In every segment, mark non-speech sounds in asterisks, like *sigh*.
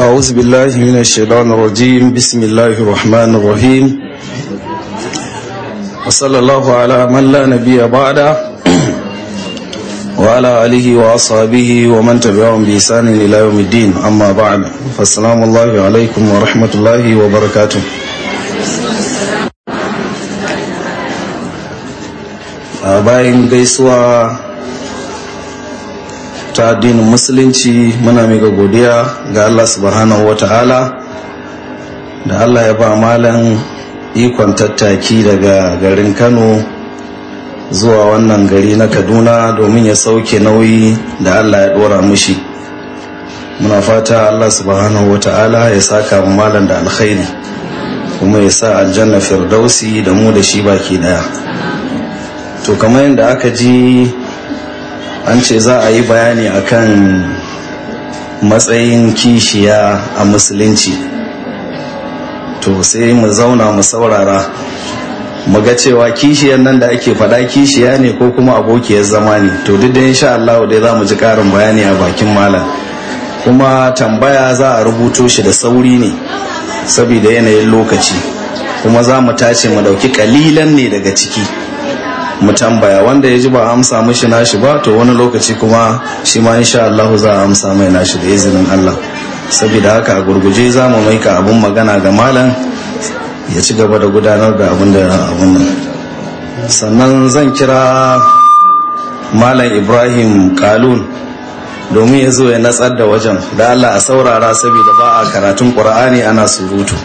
أعوذ بالله من الشيطان الرجيم بسم الله الرحمن الرحيم وصلى الله على من لا نبي بعده وعلى آله وأصحابه ومن تبعهم بإحسان إلى يوم الدين أما بعد فالسلام الله عليكم ورحمة الله وبركاته bayan gaisuwa ta addinin musulunci muna miƙa godiya ga Allah subhanahu wa ta'ala da Allah ya ba malam ikon tattaki daga garin Kano zuwa wannan gari na Kaduna domin ya sauke nauyi da Allah ya ɗora mushi muna fata Allah subhanahu wa ta'ala ya saka mu malam da alkhairi kuma ya sa aljanna firdausi da mu da shi baki daya to kamar yadda aka ji an ce za a yi bayani akan matsayin kishiya a musulunci to sai mu zauna mu saurara mu ga cewa kishiyar nan da ake faɗa kishiya ne ko kuma abokiyar zama ne to duk da insha Allah dai za mu ji ƙarin bayani a bakin malam kuma tambaya za a rubuto shi da sauri ne saboda yanayin lokaci kuma za mu tace mu ɗauki ƙalilan ne daga ciki mu tambaya wanda ya ji ba amsa mishi nashi ba to wani lokaci kuma shi ma insha Allah za a amsa mai nashi da izinin Allah saboda haka a gurguje za mu maika abun magana ga malam ya ci gaba da gudanar da abun da abun nan sannan zan kira malam Ibrahim Kalun domin ya zo ya natsar da wajen da Allah a saurara saboda ba a karatun Qur'ani ana surutu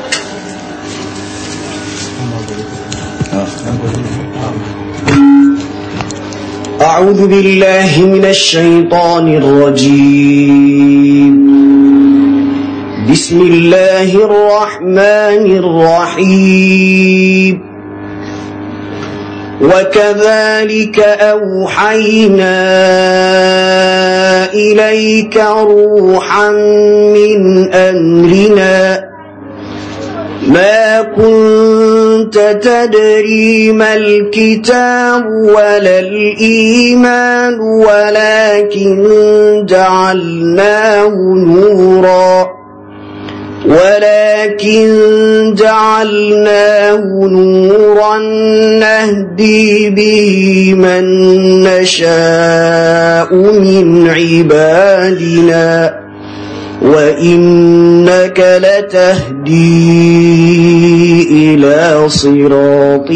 أعوذ بالله من الشيطان الرجيم بسم الله الرحمن الرحيم وكذلك أوحينا إليك روحا من أمرنا ما كنت أنت تدري ما الكتاب ولا الإيمان ولكن جعلناه نورا ولكن جعلناه نورا نهدي به من نشاء من عبادنا وإنك لتهدي إلى صراط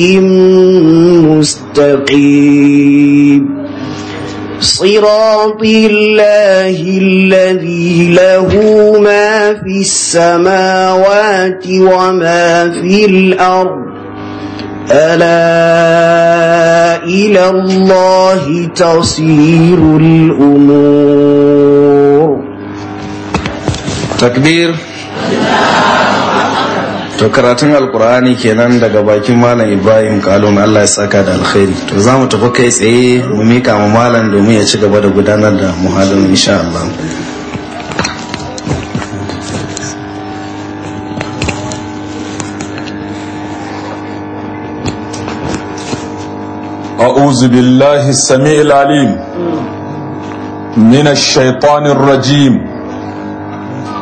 مستقيم صراط الله الذي له ما في السماوات وما في الأرض ألا إلى الله تصير الأمور takbir to karatun alkur'ani kenan daga bakin malam ibrahim kalon allah ya saka da alkhairi to za mu tafi kai tsaye mu mika mu malam domin ya ci gaba da gudanar da muhalin insha allah أعوذ بالله السميع العليم من الشيطان الرجيم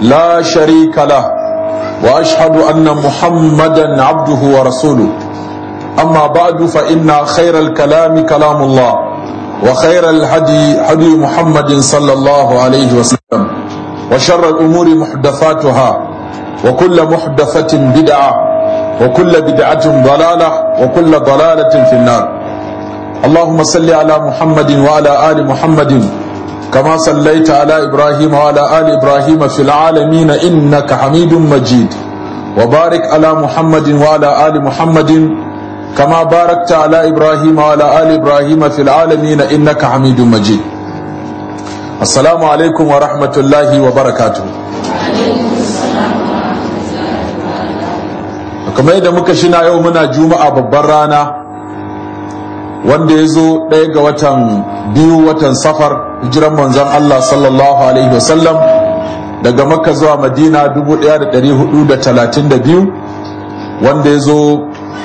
لا شريك له واشهد ان محمدا عبده ورسوله اما بعد فان خير الكلام كلام الله وخير الهدي هدي محمد صلى الله عليه وسلم وشر الامور محدثاتها وكل محدثه بدعه وكل بدعه ضلاله وكل ضلاله في النار اللهم صل على محمد وعلى ال محمد كما صليت على إبراهيم وعلى آل إبراهيم في العالمين إنك حميد مجيد وبارك على محمد وعلى آل محمد كما باركت على إبراهيم وعلى آل إبراهيم في العالمين إنك حميد مجيد السلام عليكم ورحمة الله وبركاته kamar yadda muka shina yau muna juma'a babbar rana wanda ya zo ɗaya ga watan biyu watan safar hijiran manzan Allah sallallahu alaihi wasallam daga makka zuwa madina 1432 wanda ya zo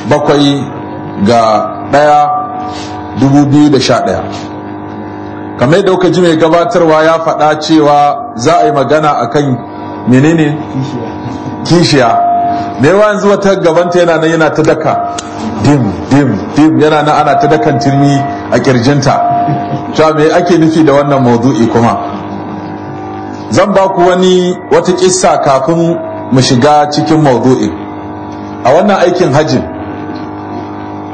bakwai ga daya 2011 kamar yadda kuka ji mai gabatarwa ya faɗa cewa za a yi magana akan menene kishiya da yanzu wata gabanta yana nan yana ta daka dim dim dim yana nan ana ta dakan turmi a kirjinta cewa me ake nufi da wannan maudu'i kuma zan ba ku wani wata kissa kafin mu shiga cikin maudu'i a wannan aikin hajjin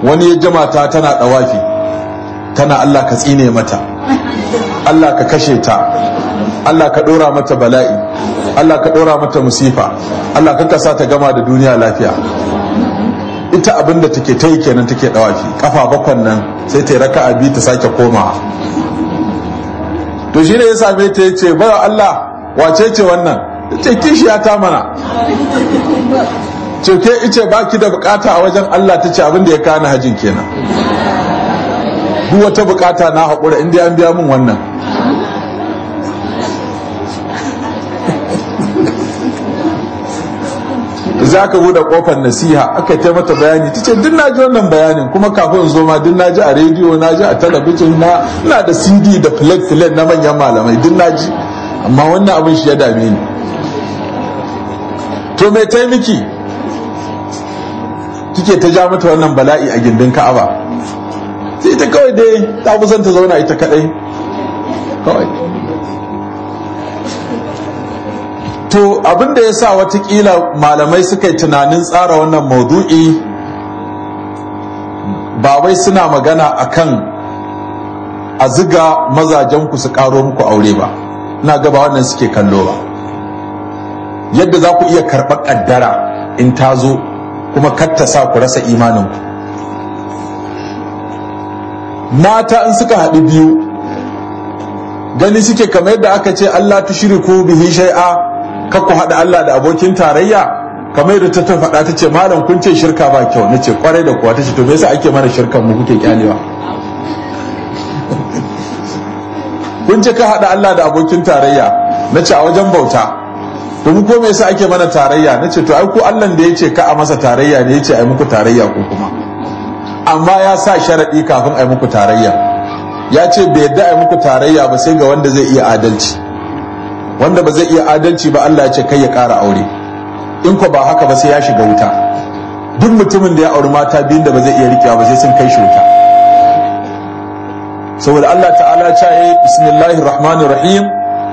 wani ya tana dawafi tana Allah ka tsine mata Allah ka kashe ta Allah ka dora mata bala'i Allah ka dora mata musifa Allah ka kasa ta gama da duniya lafiya ita abinda take ta yi kenan take dawafi kafa bakwan nan sai ta yi raka a biyu ta sake komawa to shi ne ya same ta ya ce bayo Allah wace ce wannan ce ya ta mana ce ke ice ba da bukata a wajen Allah ta ce abin ya kana hajin kenan duk wata bukata na haƙura inda an biya min wannan za ka buɗe ƙofar nasiha aka ta mata bayani ta ce duk na ji wannan bayanin kuma kafin zo ma duk na ji a rediyo na ji a talabijin na na da cd da filet filet na manyan malamai duk na ji amma wannan abin shi ya dame ni to me taimaki ta ja mata wannan bala'i a gindin ka'aba sai ta kawai dai ta kusanta ta zauna ita kadai kawai to abin da ya sa watakila malamai suka yi tunanin tsara wannan maudu'i ba wai suna magana akan a ziga mazajen ku su karo muku aure ba na gaba wannan suke kallo ba yadda za ku iya karɓar ƙaddara in ta zo kuma katta sa ku rasa imaninku mata in suka haɗu biyu gani suke kamar yadda aka ce Allah tushriku bihi shai'a. kakku haɗa Allah da abokin tarayya kamar da ta faɗa ta ce malam kun ce shirka ba kyau na ce kwarai da kuwa ta ce to me yasa ake mana shirkan mu kuke kyalewa *laughs* kun ce ka haɗa Allah da abokin tarayya na ce a wajen bauta to mu ko me yasa ake mana tarayya na ce to ai ku Allah da ya ce ka a masa tarayya ne ya ce ai muku tarayya ko kuma amma ya sa sharaɗi kafin ai muku tarayya ya ce bai yadda ai muku tarayya ba sai ga wanda zai iya adalci wanda ba zai iya adalci ba Allah ya ce kai ya ƙara aure in ko ba haka ba sai ya shiga wuta duk mutumin da ya auri mata biyun da ba zai iya rikewa ba sai sun kai shi wuta saboda Allah ta'ala Ta ya eh, bismillahir rahmanir rahim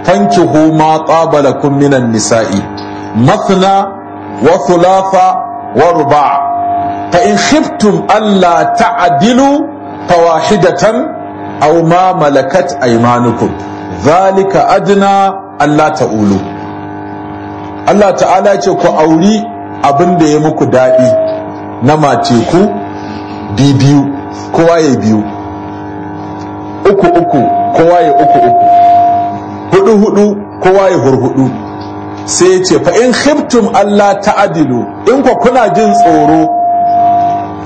tankihu ma taba minan nisa'i mathna wa thulatha wa ruba' fa in khiftum alla ta'dilu fawahidatan aw ma malakat aymanukum dhalika adna Allah ta'ulu Allah ta'ala ce ku auri abin da ya muku daɗi na mace ku bibiyu kowa ya biyu uku uku kowa ya uku uku hudu hudu kowa ya hurhudu sai ya ce fa'in khiftum Allah ta'adilu in ku kuna jin tsoro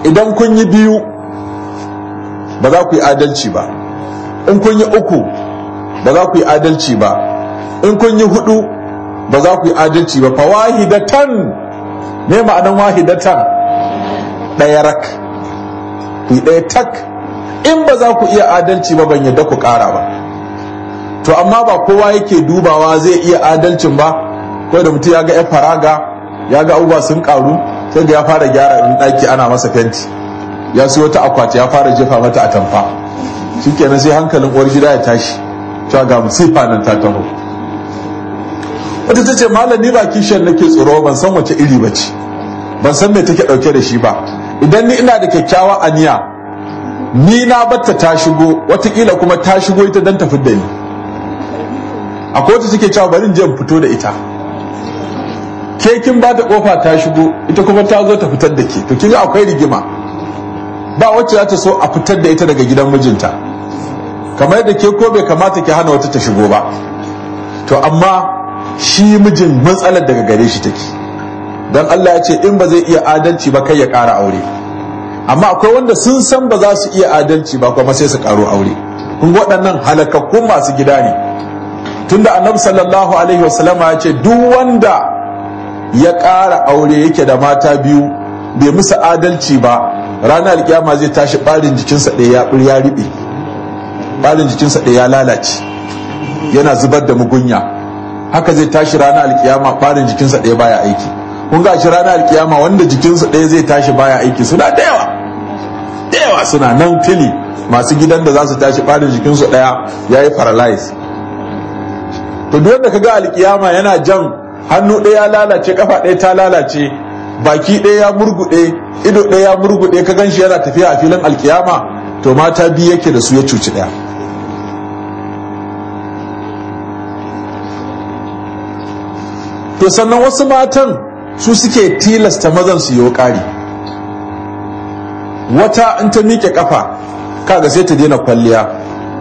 idan kun yi biyu ba za ku yi adalci ba in kun yi uku ba za ku yi adalci ba in kun yi hudu ba za ku yi adalci ba fa wahidatan me ma'anan wahidatan ɗaya rak ku yi tak in ba za ku iya adalci ba ban yadda ku ƙara ba to amma ba kowa yake dubawa zai iya adalcin ba kawai da mutum ya ga fara faraga ya ga abubuwa sun karu sai da ya fara gyara in ɗaki ana masa fenti ya siyo wata akwati ya fara jefa mata a tamfa kenan sai hankalin uwar gida ya tashi cewa ga musifa nan ta taho wata ta ce malami ba kishiyar nake tsoro ban san wace iri ba ce ban san me take dauke da shi ba idan ni ina da kyakkyawa a niya ni na batta ta shigo watakila kuma ta shigo ita dan tafi da ni akwai wata suke cewa bari je fito da ita ke kin ba ta kofa ta shigo ita kuma ta zo ta fitar da ke to kin ga akwai rigima ba wacce za ta so a fitar da ita daga gidan mijinta kamar yadda ke ko bai kamata ki hana wata ta shigo ba to amma shi mijin matsalar daga gare shi take don Allah ya ce in ba zai iya adalci ba kai ya ƙara aure amma akwai wanda sun san ba za su iya adalci ba kuma sai su ƙaro aure kun waɗannan halakakkun masu gida ne tunda annabi sallallahu alaihi wasallama ya ce duk wanda ya ƙara aure yake da mata biyu bai musu adalci ba ranar alkiyama zai tashi ɓarin jikinsa ɗaya ya ya riɓe ɓarin jikinsa ɗaya ya lalace yana zubar da mugunya haka zai tashi ranar alkiyama ɓarin jikinsa ɗaya baya aiki kun ga shi ranar alkiyama wanda jikinsa ɗaya zai tashi baya aiki suna da yawa suna nan fili masu gidan da za su tashi ɓarin jikinsu ɗaya ya yi paralyze to duk wanda ka ga alkiyama yana jan hannu ɗaya ya lalace kafa ɗaya ta lalace baki ɗaya ya murguɗe ido ɗaya ya murguɗe ka gan shi yana tafiya a filin alkiyama to mata biyu yake da su ya cuci ɗaya to sannan wasu matan su suke tilasta mazan su yi ƙari wata in ta miƙe ƙafa kaga sai ta daina kwalliya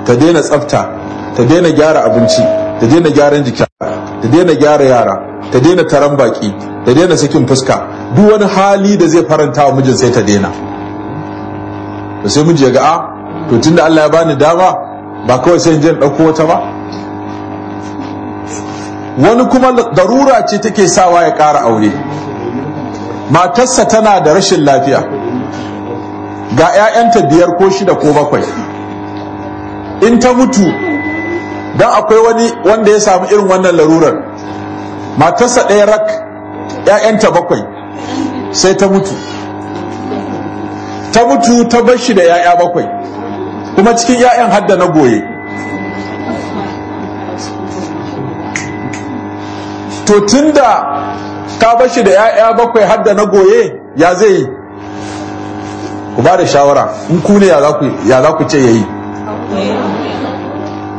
ta daina tsafta ta daina gyara abinci ta daina gyaran jiki ta daina gyara yara ta daina taron baki ta daina sakin fuska duk wani hali da zai faranta wa mijin sai ta daina to sai miji ya ga a ah, to tunda Allah ya bani dama ba kawai sai in je in ɗauko wata ba wani kuma darura ce take sawa ya kara aure matarsa tana da rashin lafiya ga 'ya'yanta biyar ko shida ko bakwai in ta mutu don akwai wani wanda ya samu irin wannan larurar matarsa ɗaya rak 'ya'yanta bakwai sai ta mutu ta mutu ta bashi da 'ya'ya bakwai kuma cikin 'ya'yan hadda na goye to tunda ka ba shi da 'ya'ya bakwai har da na goye ya zai yi ku ba da shawara in ku ne ya za ku ce ya yi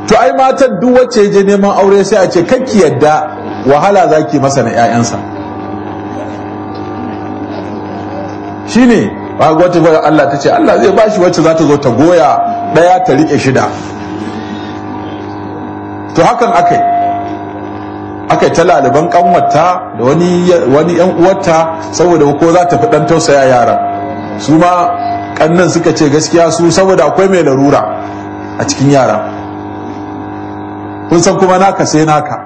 to ai matan duk wacce je neman aure sai a ce kakki yadda wahala za ki masa na 'ya'yansa shi ne ba wata ba Allah ta ce Allah zai ba shi wacce za ta zo ta goya ɗaya ta riƙe shida to hakan aka yi aka yi ta laliban kanwata da wani yan uwarta saboda ko za ta fi dan tausaya yara su ma kannan suka ce gaskiya su saboda akwai mai larura a cikin yara kun san kuma naka sai naka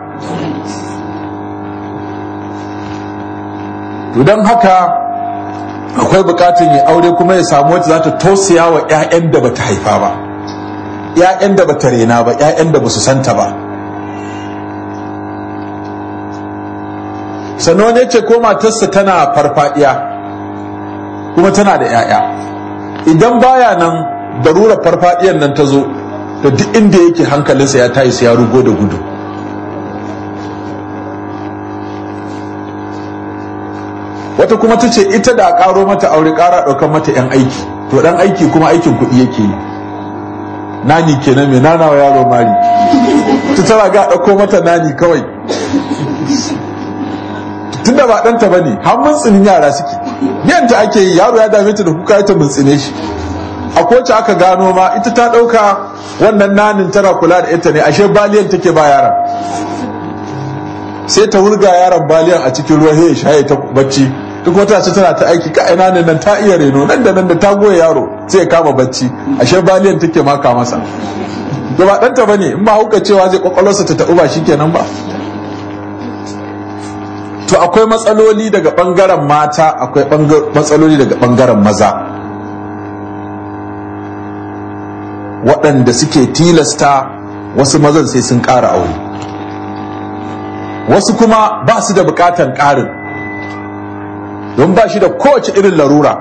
to don haka akwai bukatun ya aure kuma ya samu wacce za ta tausaya wa 'ya'yan da bata haifa ba 'ya'yan da bata rena ba 'ya'yan da basu santa ba sannan wani ce ko matarsa tana farfadiya kuma tana da 'ya'ya idan baya nan darurar farfadiyan nan ta zo da duk inda yake hankalinsa ya tayi sai ya rugo da gudu wata kuma ta ce ita da karo mata aure kara ɗaukar mata 'yan aiki to dan aiki kuma aikin kuɗi yake yi nani kenan mai nanawa yaro mari ta tara ga ɗauko mata nani kawai tun da ba ɗanta ba ne har tsinin yara suke ta ake yi yaro ya dame ta da kuka ta mun tsine shi a kowace aka gano ma ita ta ɗauka wannan nanin tana kula da ita ne ashe baliyan take ba yaran sai ta wurga yaran baliyan a cikin ruwa ya shaye ta bacci duk wata ce tana ta aiki ka ina nan ta iya reno nan da nan da ta goya yaro sai ya kama bacci ashe baliyan take maka masa gaba ɗanta bane in ba hukacewa cewa zai kwakwalwarsa ta taɓa ba kenan ba to akwai matsaloli daga bangaren mata akwai matsaloli daga bangaren maza waɗanda suke tilasta wasu mazan sai sun ƙara aure wasu kuma ba su da buƙatar ƙarin don ba shi da kowace irin larura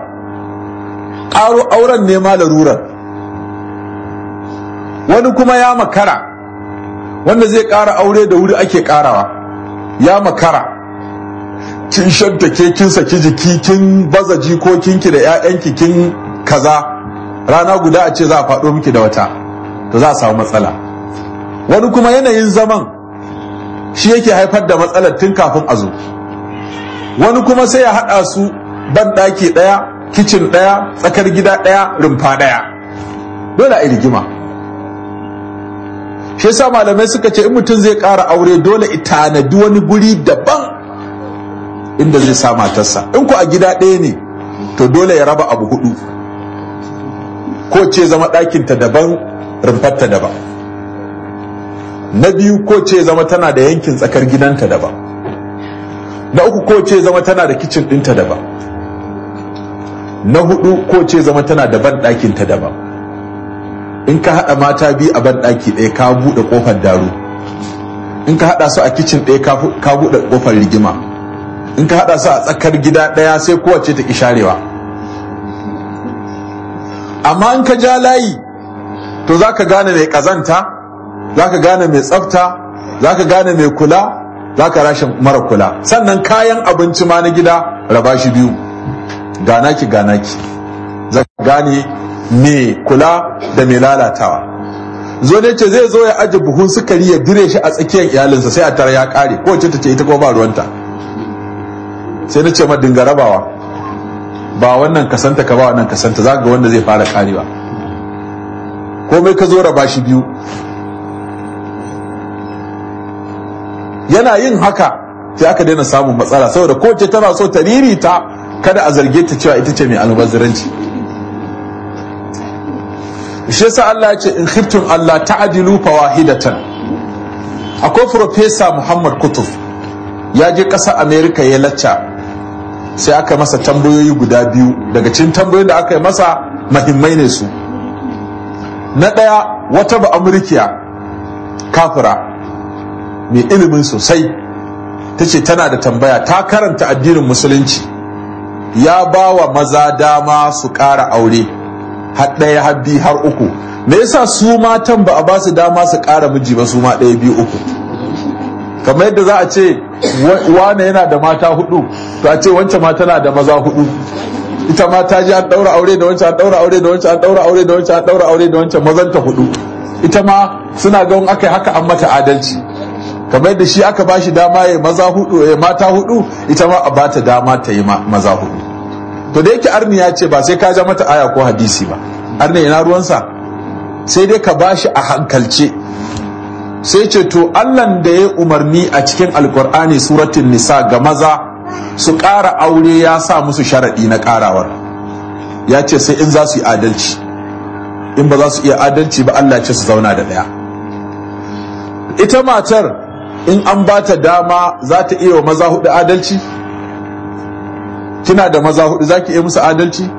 ƙaro auren ne ma larurar wani kuma ya makara wanda zai ƙara aure da wuri ake ƙarawa ya makara kin ke kin saki jiki kin baza ki da 'ya'yanki kin kaza rana guda a ce za a faɗo miki da wata to za a samu matsala wani kuma yanayin zaman shi yake haifar da matsalar tun kafin a zo wani kuma sai ya haɗa su ban ɗaki ɗaya kicin ɗaya tsakar gida ɗaya rumfa ɗaya dole a rigima shi yasa malamai suka ce in mutum zai ƙara aure dole tanadi wani guri daban inda zai sa matarsa in ku a gida ɗaya ne to dole ya raba abu hudu ko ce zama ɗakinta daban rumfarta daban na biyu ko ce zama tana da yankin tsakar gidanta daban na uku ko ce zama tana da kicin ɗinta daban na hudu ko ce zama tana da ban ɗakinta daban in ka haɗa mata biyu a ban ɗaki ɗaya ka buɗe ƙofar daru in ka haɗa su a kicin ɗaya ka buɗe ƙofar rigima in ka hada su a tsakar gida daya sai kowace ta isharewa amma in ka ja layi to za ka gane mai kazanta za ka gane mai tsafta za ka gane mai kula za ka rashin mara kula sannan kayan abinci ma na gida raba shi biyu ganaki ganaki za ka gane mai kula da mai lalatawa zo ne ce zai zo ya ajiye buhun sukari ya dire shi a tsakiyar iyalinsa sai a tara ya kare kowace ta ce ita kuma ba ruwanta sai na ce ma dinga rabawa ba wannan kasanta ka ba wannan kasanta za ga wanda zai fara karewa komai ka zo raba shi biyu yana yin haka sai aka daina samun matsala saboda kowace tana so ta ririta kada a zarge ta cewa ita ce mai albaziranci shi yasa Allah ya ce in khiftum Allah ta'dilu fawahidatan akwai professor Muhammad Kutuf ya je ƙasar America ya lacca sai aka masa tambayoyi guda biyu daga cikin tambayoyin da aka yi masa mahimmai ne su na ɗaya wata ba amurkiya kafira mai ilimin sosai ta ce tana da tambaya ta karanta addinin musulunci ya ba wa maza dama su ƙara aure har ɗaya har biyu har uku me yasa su matan ba a ba su dama su ƙara miji ba su ma ɗaya biyu uku kamar yadda za a ce wane yana da mata hudu to a ce wancan ma tana da maza hudu ita ma ta ji an daura aure da wancan an daura aure da wancan an daura aure da wancan an daura aure da wancan mazan ta hudu ita ma suna ga wani aka haka an mata adalci kamar da shi aka bashi dama ya maza hudu ya mata hudu ita ma a ba ta dama ta yi maza hudu to da yake arni ya ce ba sai ka ja mata aya ko hadisi ba arni ina ruwansa sai dai ka bashi a hankalce sai ce to allan da ya umarni a cikin alkur'ani suratun nisa ga maza su ƙara aure ya sa musu sharaɗi na ƙarawar ya ce sai in za su yi adalci in ba za su iya adalci ba allah ce su zauna da ɗaya ita matar in an ba ta dama za ta iya wa maza hudu adalci kina da maza hudu za ki iya musu adalci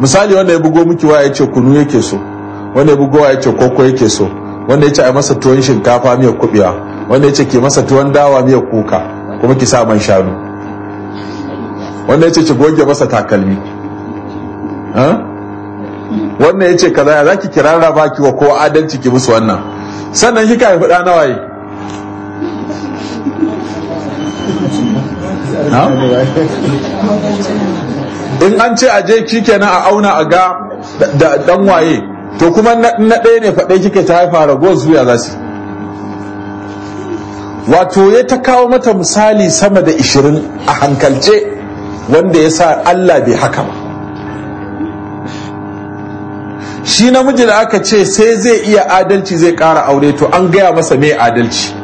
misali wanda ya bugo miki waya ya ce kunu yake so wanda ya bugo waya ya ce koko yake so wanda ya ce a masa tuwon shinkafa miyar kubewa wanda ya ce ke masa tuwon dawa miyar kuka kuma ki sa man shanu wanda ya ce ki goge masa takalmi wannan ya ce ka zaya za ki kirara raba ki wa kowa adalci ki musu wannan sannan kika yi fuda nawa yi in an ce aje na a auna a ga dan waye to kuma na ɗaya ne faɗe kika ta haifa ragowar zuya za su wato ya ta kawo mata misali sama da ishirin a hankalce wanda ya sa Allah bai haka ba shi namiji da aka ce sai zai iya adalci zai ƙara aure to an gaya masa mai adalci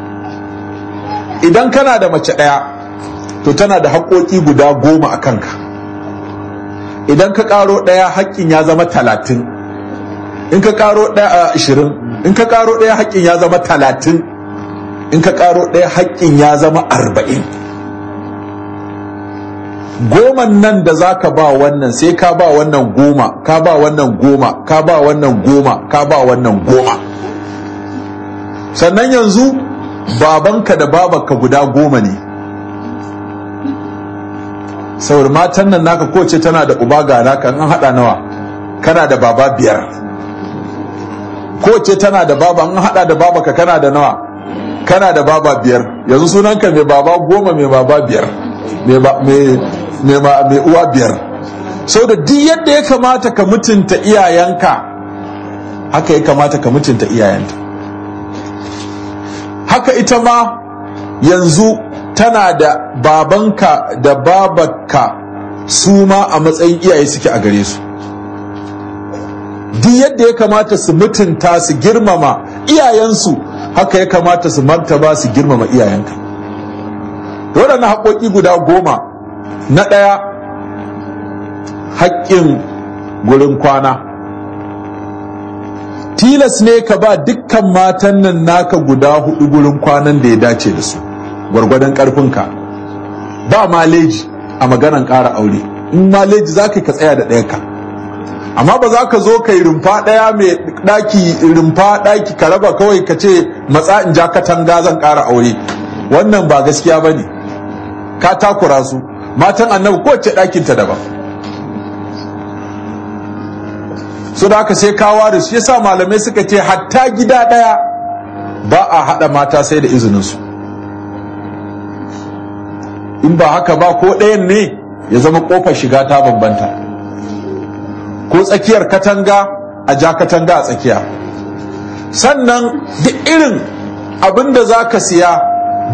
idan kana da mace ɗaya to tana da haƙoƙi guda goma a kanka idan ka ƙaro ɗaya haƙƙin ya zama talatin in ka karo ɗaya a ashirin in ka karo ɗaya haƙƙin ya zama talatin in ka karo ɗaya haƙƙin ya zama arba'in goman nan da za ka ba wannan sai ka ba wannan goma ka ba wannan goma ka ba wannan goma ka ba wannan goma sannan yanzu babanka da babanka guda goma ne saurin matan nan naka kowace tana da uba ga naka an haɗa nawa kana da baba biyar Ko ce tana da baba in hada da baba ka kana da nawa kana da baba biyar yanzu sunanka mai baba goma mai baba biyar mai uwa biyar sau da duk yadda ya kamata ka mutunta iyayenka haka ya kamata ka mutunta iyayenta haka ita ma yanzu tana da babanka da babaka su ma a matsayin iyaye suke a gare su duk yadda ya kamata su mutunta su girmama iyayensu haka ya kamata su martaba su girmama iyayenka dole na haƙoƙi guda goma na ɗaya haƙƙin gurin kwana tilas ne ka ba dukkan matan nan naka guda hudu gurin kwanan da ya dace da su gwargwadon ƙarfinka ba maleji a maganan ƙara aure in maleji za ka tsaya da ɗaya ka amma ba za ka zo ka yi rumfa ɗaya mai ɗaki rumfa ɗaki ka raba kawai ka ce matsa in ja katanga zan ƙara aure wannan ba gaskiya ba ne ka takura su matan annabi kowace ɗakinta daban su da aka sai kawa da su yasa malamai suka ce hatta gida ɗaya ba a haɗa mata sai da izininsu in ba haka ba ko ɗayan ne ya zama ƙofar shiga ta bambanta ko tsakiyar katanga a ja katanga a tsakiya sannan duk irin abin da za ka siya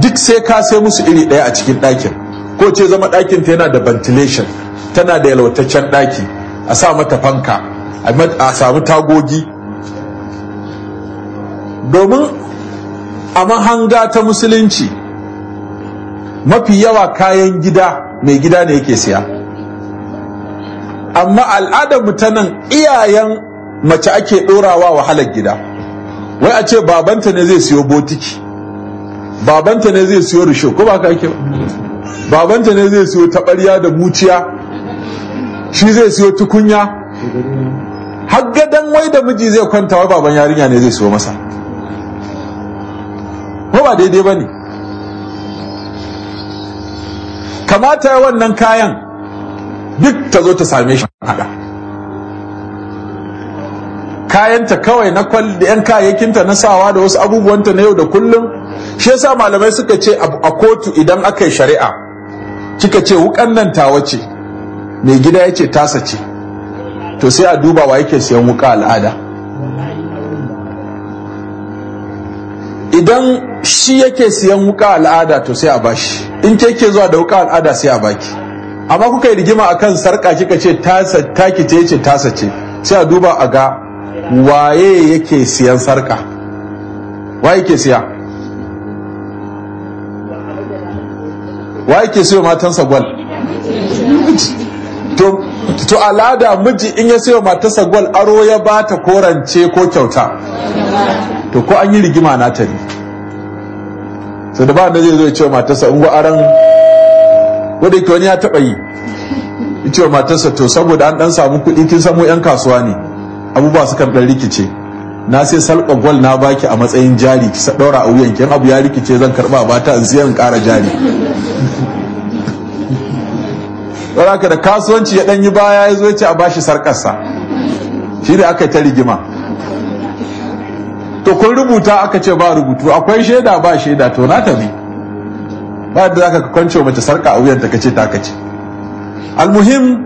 duk sai ka sai musu iri ɗaya a cikin ɗakin ko ce zama ɗakin ta yana da ventilation tana da yalwataccen ɗaki a sa mata fanka a samu tagogi domin a mahanga ta musulunci mafi yawa kayan gida mai gida ne yake siya amma al'adar mu ta nan iyayen mace ake ɗorawa wahalar gida wai a ce babanta ne zai siyo botiki babanta ne zai siyo risho ko ba ka babanta ne zai siyo taɓarya da muciya shi zai siyo tukunya har gadon wai da miji zai kwanta wa baban yarinya ne zai siyo masa ko ba daidai ba ne kamata wannan kayan duk ta zo ta same shi haka kayanta kawai na kwalli yan kayayyakinta na sawa da wasu abubuwanta na yau da kullum shi yasa malamai suka ce a kotu idan aka yi shari'a kika ce wukan nan tawa ce mai gida ya ce tasa ce to sai a duba wa yake siyan wuka al'ada idan shi yake siyan wuka al'ada to sai a bashi in ke ke zuwa da wuka al'ada sai a baki amma kuka yi rigima a kan sarka kika ce tasa taki ce ce tasa ce sai a duba a ga waye yake siyan sarka waye yake siya waye ke siyo matansa gwal to alada miji in ya siyo matansa gwal aro ya ba ta korance ko kyauta to ko an yi rigima na ta ne so da ba da zai zo ya ce matarsa in aran wadda wani ya taba yi wa matarsa to saboda an dan samu kuɗi kin samu yan kasuwa ne abubuwa sukan dan rikice na sai salka gwal na baki a matsayin jari ki daura a wuyan kin abu ya rikice zan karba ba ta in siyan ƙara jari haka da kasuwanci ya dan yi baya ya zo ya ce a bashi sarkarsa shi da aka ta rigima to kun rubuta aka ce ba rubutu akwai shaida ba shaida to na tabi ba da zaka kwance mace sarka a wuyanta kace ta kace almuhim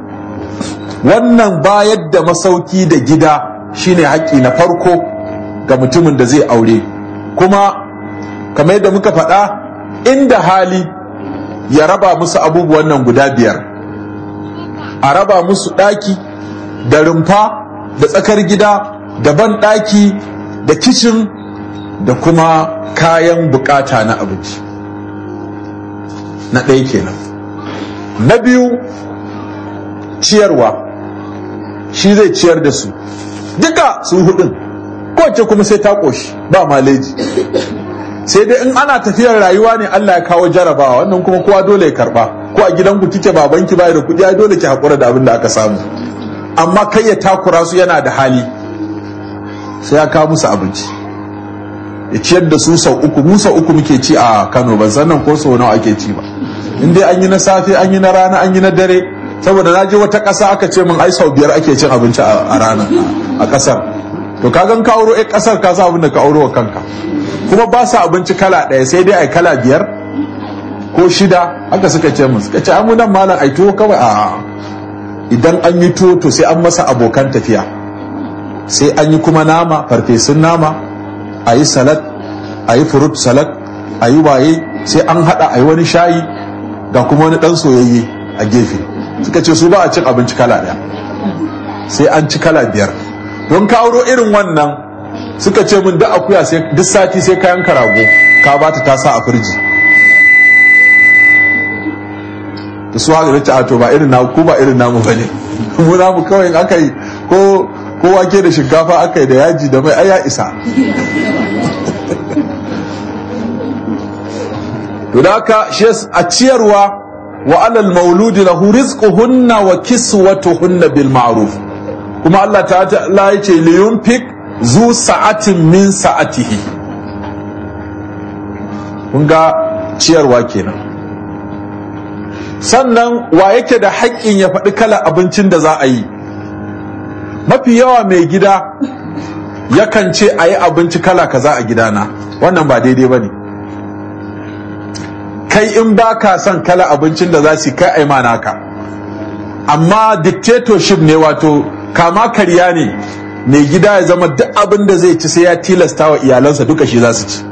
wannan bayar da masauki da gida shine haƙƙi na farko ga mutumin da zai aure kuma kamar yadda muka faɗa inda hali ya raba musu abubuwan nan guda biyar a raba musu ɗaki da rumfa da tsakar gida da ban ɗaki da kicin da kuma kayan bukata na abinci na ɗaya kenan na biyu ciyarwa shi zai ciyar da su duka su hudun kowace kuma sai ta ƙoshi ba maleji sai dai in ana tafiyar rayuwa ne Allah ya kawo jarabawa wannan kuma kowa dole ya karba ko a gidanku kike babanki bai da kuɗi ai dole ki hakura da abin da aka samu amma kai ya takura su yana da hali sai ya kawo musu abinci ya ciyar da su sau uku mu sau uku muke ci a Kano ban san nan ko sau nawa ake ci ba in dai an yi na safe an yi na rana an yi na dare saboda na je wata ƙasa aka ce min ai sau biyar ake cin abinci a rana a ƙasar to ka gan ka auro ɗaya eh, ƙasar ka sa abin da ka auro wa kanka kuma ba sa abinci kala ɗaya sai dai ai kala biyar ko shida haka suka ce min suka ce an nan malam ai tuwo kawai a idan an yi tuwo to sai an masa abokan tafiya sai an yi kuma nama farfesun nama a yi salat a yi furut salat a yi waye sai an hada a yi wani shayi da kuma wani dan soyayye a gefe suka ce su ba a cin abinci kala daya sai an ci kala biyar don ka auro irin wannan suka ce min da akuya sai duk sati sai kayan karago ka ba ta sa a firji da su haka da ta to ba irin na ku ba irin namu bane *laughs* mu namu kawai aka yi ko ko ke da shinkafa aka yi da yaji da mai aya isa dudaka da a ciyarwa wa alal mauludi lahu rizquhunna wa kiswatuhunna bil ma'ruf kuma Allah ta ta'ala yace li yunfik zu sa'atin min sa'atihi kun ga ciyarwa kenan sannan wa yake da haƙƙin ya faɗi kala abincin da za a yi mafi yawa mai gida yakan ce a yi abinci kala kaza a gida na wannan ba daidai ba ne kai in ba ka son kala abincin da za su kai a naka amma dictatorship ne wato kama karya ne mai gida ya zama duk abin da zai ci sai ya tilasta wa iyalansa duka shi za su ci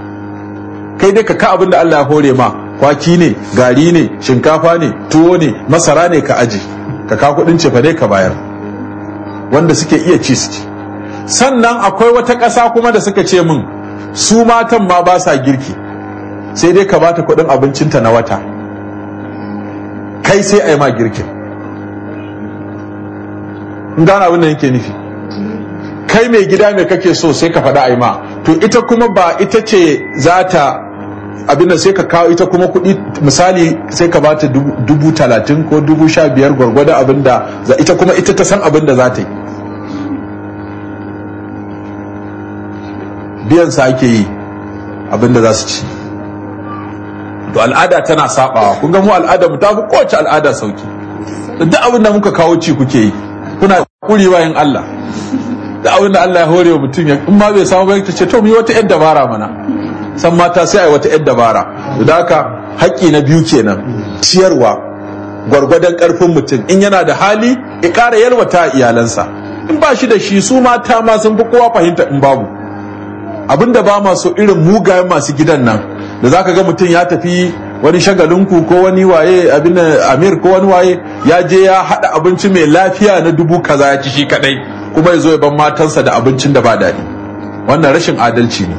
kai dai ka ka abin da Allah ya hore ma kwaki ne gari ne shinkafa ne tuwo ne masara ne ka aji ka ka kudin cefa dai ka bayar wanda suke iya ci su ci sannan akwai wata ƙasa kuma da suka ce min su matan ma ba sa girki sai dai ka bata kuɗin abincinta na wata kai sai a yi ma girkin gana abin da yake nufi kai mai gida mai kake so sai ka faɗa a yi ma to ita kuma ba ita ce za ta abin da sai ka kawo ita kuma kuɗi misali sai ka bata dubu talatin ko dubu sha biyar gwargwada abin da ita kuma ita ta san abin da za ta yi biyan sa ake yi abinda za su ci to al'ada tana sabawa kun ga mu al'ada mu ta fi kowace al'ada sauki duk abin da muka kawo ci kuke yi kuna kuri bayan Allah duk abin da Allah ya hore wa mutum ya in ma bai samu ba ta ce to mu yi wata yar dabara mana san mata sai ai wata yar dabara to da haka haƙƙi na biyu kenan ciyarwa gwargwadon ƙarfin mutum in yana da hali ya ƙara yalwata iyalansa in ba shi da shi su mata ma sun fi kowa fahimta in babu abinda ba masu irin mugayen masu gidan nan da zaka ga mutum ya tafi wani shagalinku ko wani waye abin amir ko wani waye ya je ya hada abinci mai lafiya na dubu kaza ya ci shi kadai kuma ya zo ya ban matansa da abincin da ba daɗi wannan rashin adalci ne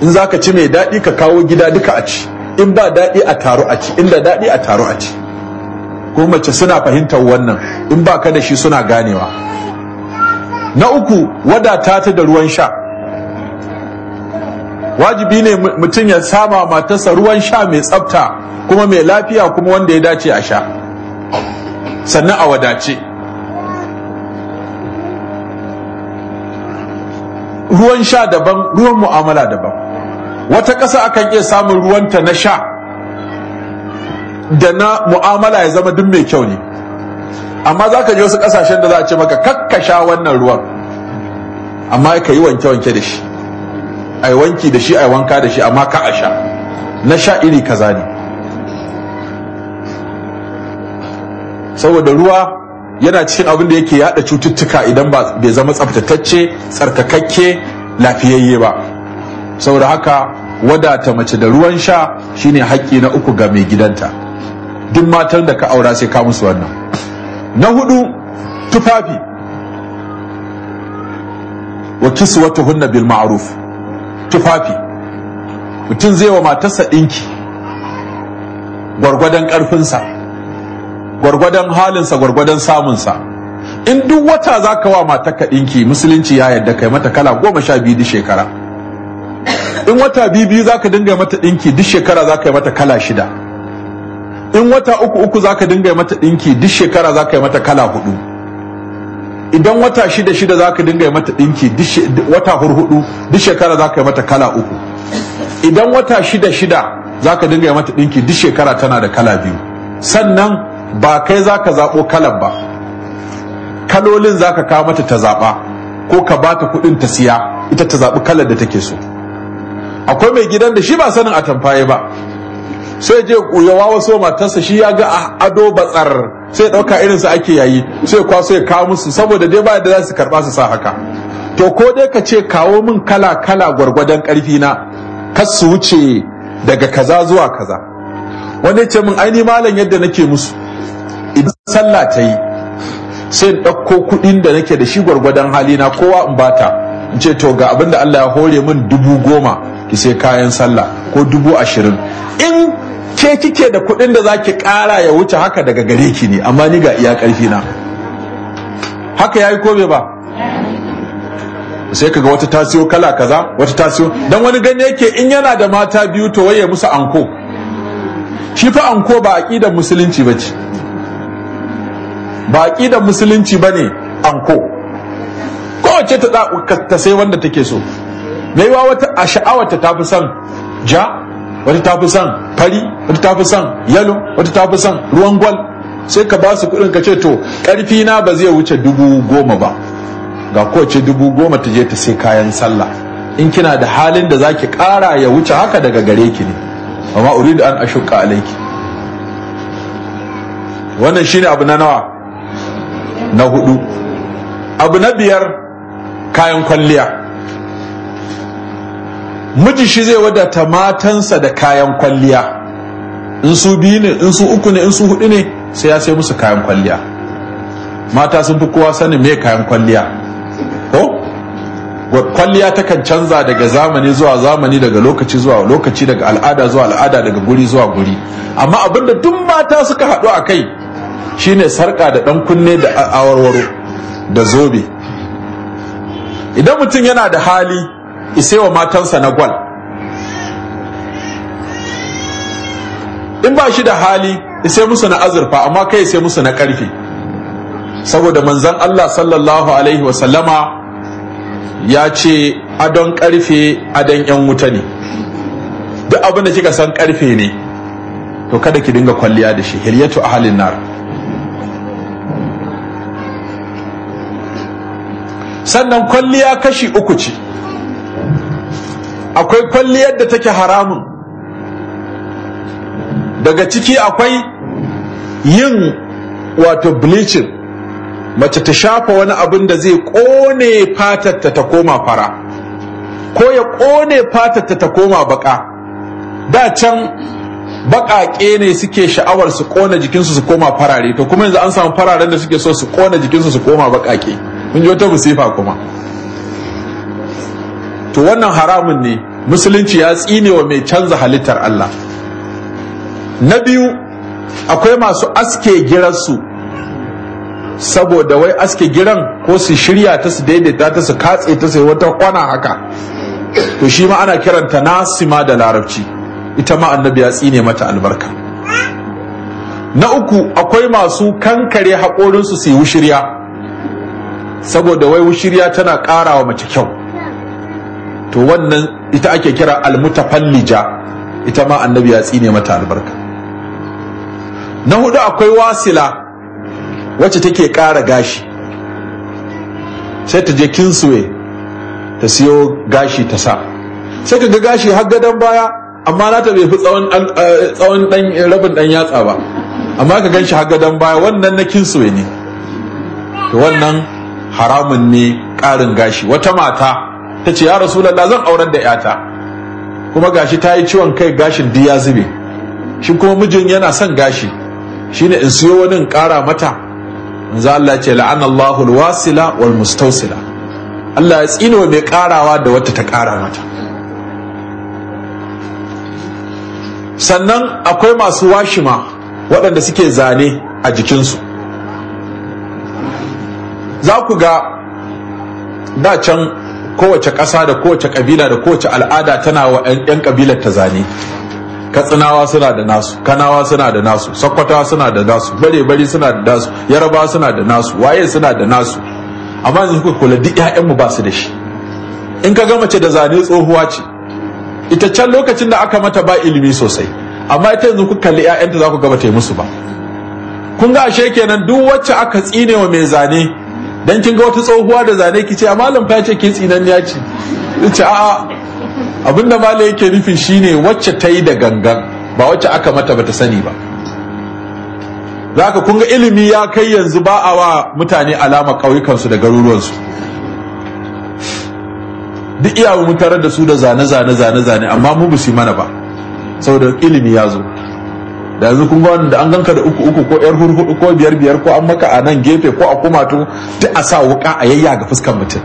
in zaka ci mai daɗi ka kawo gida duka a ci in ba daɗi a taro a ci inda daɗi a taro a ci ko mace suna fahimtar wannan in ba ka da shi suna ganewa na uku wadata ta da ruwan sha wajibi ne mutum ya sama matarsa ruwan sha mai tsafta kuma mai lafiya kuma wanda ya dace a sha sannan a wadace ruwan sha daban ruwan mu'amala daban wata ƙasa akan iya samun ruwanta na sha da na mu'amala ya zama duk mai kyau ne amma za ka je wasu ƙasashen da za a ce maka kakka sha wannan ruwan amma ka yi wanke-wanke da shi ai wanki da shi ai wanka da shi amma ka a sha na sha iri kaza ne saboda ruwa yana cikin abin da yake yada cututtuka idan ba bai zama tsaftatacce tsarkakakke lafiyayye ba saboda haka wadata mace da ruwan sha shine haƙƙi na uku ga mai gidanta duk matan da ka aura sai ka musu wannan na hudu tufafi wa kiswatuhunna bil ma'ruf tufafi mutum zai wa matarsa ɗinki gwargwadon ƙarfinsa gwargwadon halinsa gwargwadon samunsa in duk wata za ka wa matarka ɗinki musulunci ya yadda kai mata kala goma sha biyu duk shekara in wata biyu biyu za ka dinga mata ɗinki duk shekara za ka yi mata kala shida in wata uku uku za ka dinga mata ɗinki duk shekara za ka yi mata kala hudu idan wata shida shida za ka dinga yi mata ɗinki wata hurhudu duk shekara za ka yi mata kala uku idan wata shida shida za ka dinga yi mata ɗinki duk shekara tana da kala biyu sannan ba kai za ka zaɓo kalan ba kalolin za ka kawo mata ta zaɓa ko ka ba ta kuɗin ta siya ita ta zaɓi kalar da take so akwai mai gidan da shi ba sanin atamfaye ba sai je kuyawa wasu matarsa shi ya ga a ado batsar sai dauka su ake yayi sai kwaso ya kawo musu saboda dai ba da za su karba su sa haka to ko dai ka ce kawo min kala kala gwargwadon karfi na kas su wuce daga kaza zuwa kaza wani ce min aini malam yadda nake musu idan sallah ta yi sai ɗauko kuɗin da nake da shi gwargwadon halina kowa in bata in ce to ga abinda Allah ya hore min dubu goma ki sai kayan sallah ko dubu ashirin in ke kike da kuɗin da zaki ƙara ya wuce haka daga gare ki ne amma ni ga iya karfi na haka yayi ko bai ba sai kaga wata tasiyo kala kaza wata tasiyo dan wani gani yake in yana da mata biyu to waye musu anko shi fa anko ba aqidar musulunci bace ba aqidar musulunci bane anko kowace ta ta sai wanda take so mai wata a sha'awata ta fi son ja wata tafi fi son fari wata tafi fi son yalo wata tafi fi son ruwan gwal sai ka ba su kuɗin ka ce to ƙarfi na ba zai wuce dubu goma ba ga kowace dubu goma ta je ta sai kayan sallah in kina da halin da zaki ƙara ya wuce haka daga gare ki ne amma uridu an ashuka alaiki wannan shine abu na nawa na hudu abu na biyar kayan kwalliya miji shi zai wadata matansa da kayan kwalliya in su biyu ne in su uku ne in su hudu ne sai ya sai musu kayan kwalliya mata sun fi kowa sanin me kayan kwalliya ko kwalliya takan canza daga zamani zuwa zamani daga lokaci zuwa lokaci daga al'ada zuwa al'ada daga guri zuwa guri amma abinda duk mata suka haɗu a kai shine sarƙa da ɗan kunne da awarwaro da zobe idan mutum yana da hali isewa matansa na gwal in ba shi da hali isai musu na azurfa amma kai isai musu na karfe saboda manzan Allah sallallahu alaihi wasallama ya ce adon karfe adon yan wuta ne duk abin da kika san karfe ne to kada ki dinga kwalliya da shi a halin nar sannan kwalliya kashi uku ce akwai kwalliyar da take haramun daga ciki akwai yin wato bleaching mace ta shafa wani abin da zai kone fatarta ta koma fara ko ya kone fatarta ta koma baka da can baƙaƙe ne suke sha'awar su kona jikinsu su koma farare to kuma yanzu an samu fararen da suke so su kona jikinsu su koma baƙaƙe mun ji wata musifa kuma to wannan haramun ne musulunci ya tsine wa mai canza halittar Allah na biyu akwai masu aske girarsu saboda wai aske giran ko su shirya ta su daidaita ta su katse ta sai wata kwana haka to shi ma ana kiranta nasima da larabci ita ma annabi ya tsine mata albarka na uku akwai masu kankare haƙorinsu su yi wushirya saboda wai wushirya tana ƙara wa mace kyau to wannan ita ake kira almutafallija ita ma annabi ya tsine mata albarka na hudu akwai wasila wacce take kara gashi sai ta je kinsuwe ta siyo gashi ta sa sai ka ga gashi har gadon baya amma ta bai fi tsawon eh, rabin dan yatsa ba amma ka ganshi shi har gadon baya wannan na kinsuwe ne wannan haramun ne ƙarin gashi wata mata ta ce ya rasu rasulallah zan auren da yata kuma gashi ta yi ciwon kai gashin diya zube shi kuma mijin yana son gashi shine in siyo wani in kara mata in za Allah ce la'an Allahu alwasila wal mustawsila Allah ya tsino mai karawa da wata ta kara mata sannan akwai masu washima waɗanda suke zane a jikinsu za ku ga da can kowace ƙasa da kowace ƙabila da kowace al'ada tana wa 'yan ƙabilar ta zane katsinawa suna da nasu kanawa suna da nasu sakkwatawa suna da nasu bare-bare suna da nasu yarabawa suna da nasu waye suna da nasu amma yanzu kuka kula duk ƴaƴanmu ba su da shi in ka ga mace da zane tsohuwa ce ita can lokacin da aka mata ba ilimi sosai amma ita yanzu kuka kalli ƴaƴanta za ku gaba ta yi musu ba kun ga ashe kenan duk wacce aka tsine wa mai zane dan kin ga wata tsohuwa da zane ki ce a malam fa ce kin tsinan ya ce ce a abinda malam yake nufi shine wacce ta yi da gangan ba wacce aka mata bata sani ba zaka kun ga ilimi ya kai yanzu ba a wa mutane alama ƙauyukansu da garuruwansu duk iyawu mun da su da zane zane zane zane amma mu busi mana ba saboda ilimi ya zo da yanzu kun ga wanda an ganka da uku uku ko yar hurhudu ko biyar biyar ko an maka a nan gefe ko a kumatu duk a sa wuka a yayya ga fuskar mutum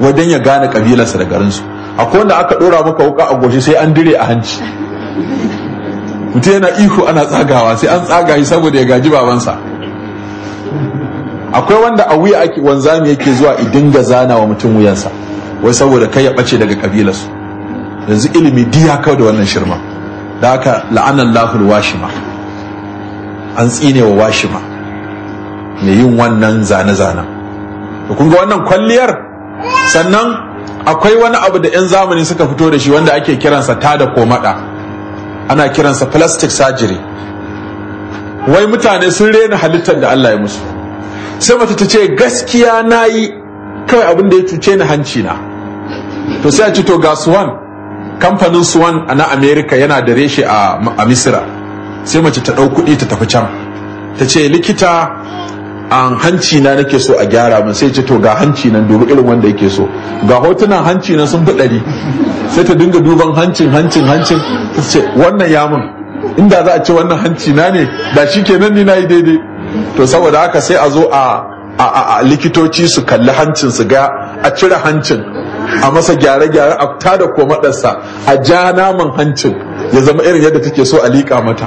wajen ya gane kabilarsa da garinsu akwai wanda aka dora maka wuka a goshi sai an dire a hanci mutum yana ihu ana tsagawa sai an tsaga shi saboda ya gaji babansa akwai wanda a wuya ake wanzami yake zuwa dinga zana wa mutum wuyansa wai saboda kai ya bace daga kabilarsu yanzu ilimi diya kawai da wannan shirma da haka la'anan lahul washima an tsine wa washima mai yin wannan zane-zanen da kun wannan kwalliyar sannan akwai wani abu da 'yan zamani suka fito da shi wanda ake kiransa ta da komada ana kiransa plastic surgery wai mutane sun rena halittar da Allah ya musu sai mata ta ce gaskiya na yi kawai abin da ya cuce ni hanci na to sai a ci to gasuwan. kamfanin swan na Amerika yana da reshe a, misira sai mace ta ɗau kuɗi ta tafi can ta ce likita an hanci na nake so a gyara min sai ce to ga hanci nan dubi irin wanda yake so ga hotunan hanci na sun fi ɗari sai ta dinga duban hancin hancin hancin ta ce wannan ya mun inda za a ce wannan hanci na ne da shi kenan ni na yi daidai to saboda haka sai a zo a likitoci su kalli hancin su ga a cire hancin a masa gyare-gyare a ta da koma ɗansa a ja naman hancin ya zama irin yadda take so a liƙa mata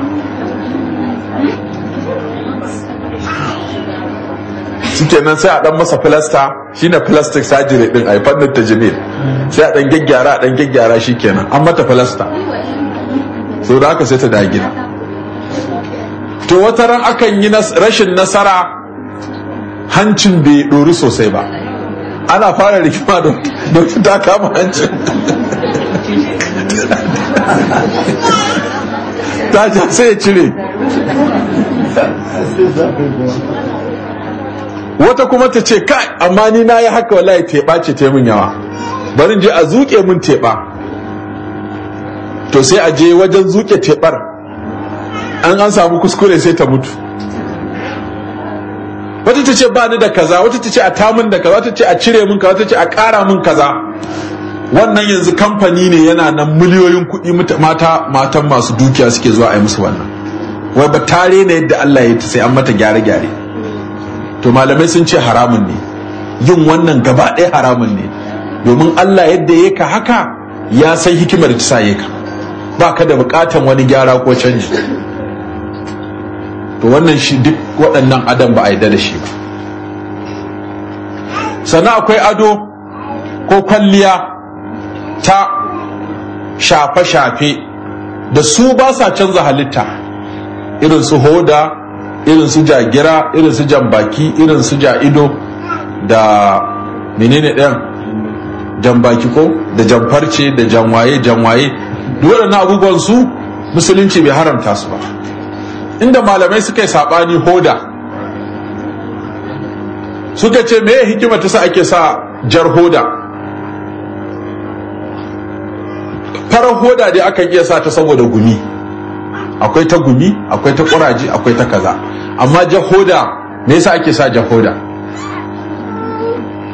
suke nan sai a dan masa filasta shine plastic surgery din yi fannin jimil sai a dan gyaggyara a dan ke nan an mata filasta so da aka sai ta da gida to wata ran akan yi rashin nasara hancin bai ɗori sosai ba ana fara rikima domin ta kama hancin ta ce sai cire wata kuma ta ce kai amma ni na yi haka wallahi teɓa ce ta yi yawa barin je a zuke mun teɓa to sai a je wajen zuke teɓar an an samu kuskure sai ta mutu wata ta ce bani da kaza wata ta ce a tamun da kaza wata ce a cire mun kaza wata ce a kara mun kaza wannan yanzu kamfani ne yana nan miliyoyin kuɗi mata matan masu dukiya suke zuwa a musu wannan wai ba tare ne yadda Allah ya ta sai an mata gyare-gyare to malamai sun ce haramun ne yin wannan gaba ɗaya haramun ne domin Allah yadda ya ka haka ya san hikimar ta sa ya ka ba ka da bukatan wani gyara ko canji to wannan shi duk waɗannan adam ba a yi da shi ba sannan akwai ado ko kwalliya ta shafe-shafe da su ba sa canza halitta irin su hoda irin su jagira irin su jambaki irin su ja'ido da menene ɗayan jambaki ko da jamfarce da janwaye janwaye duk waɗannan abubuwan su musulunci bai haramta su ba inda malamai suka yi saɓani hoda suka ce me hikima ta sa ake sa jar hoda farar hoda dai aka iya sa ta saboda gumi akwai ta gumi akwai ta ƙuraje akwai ta kaza amma jar hoda me sa ake sa jar hoda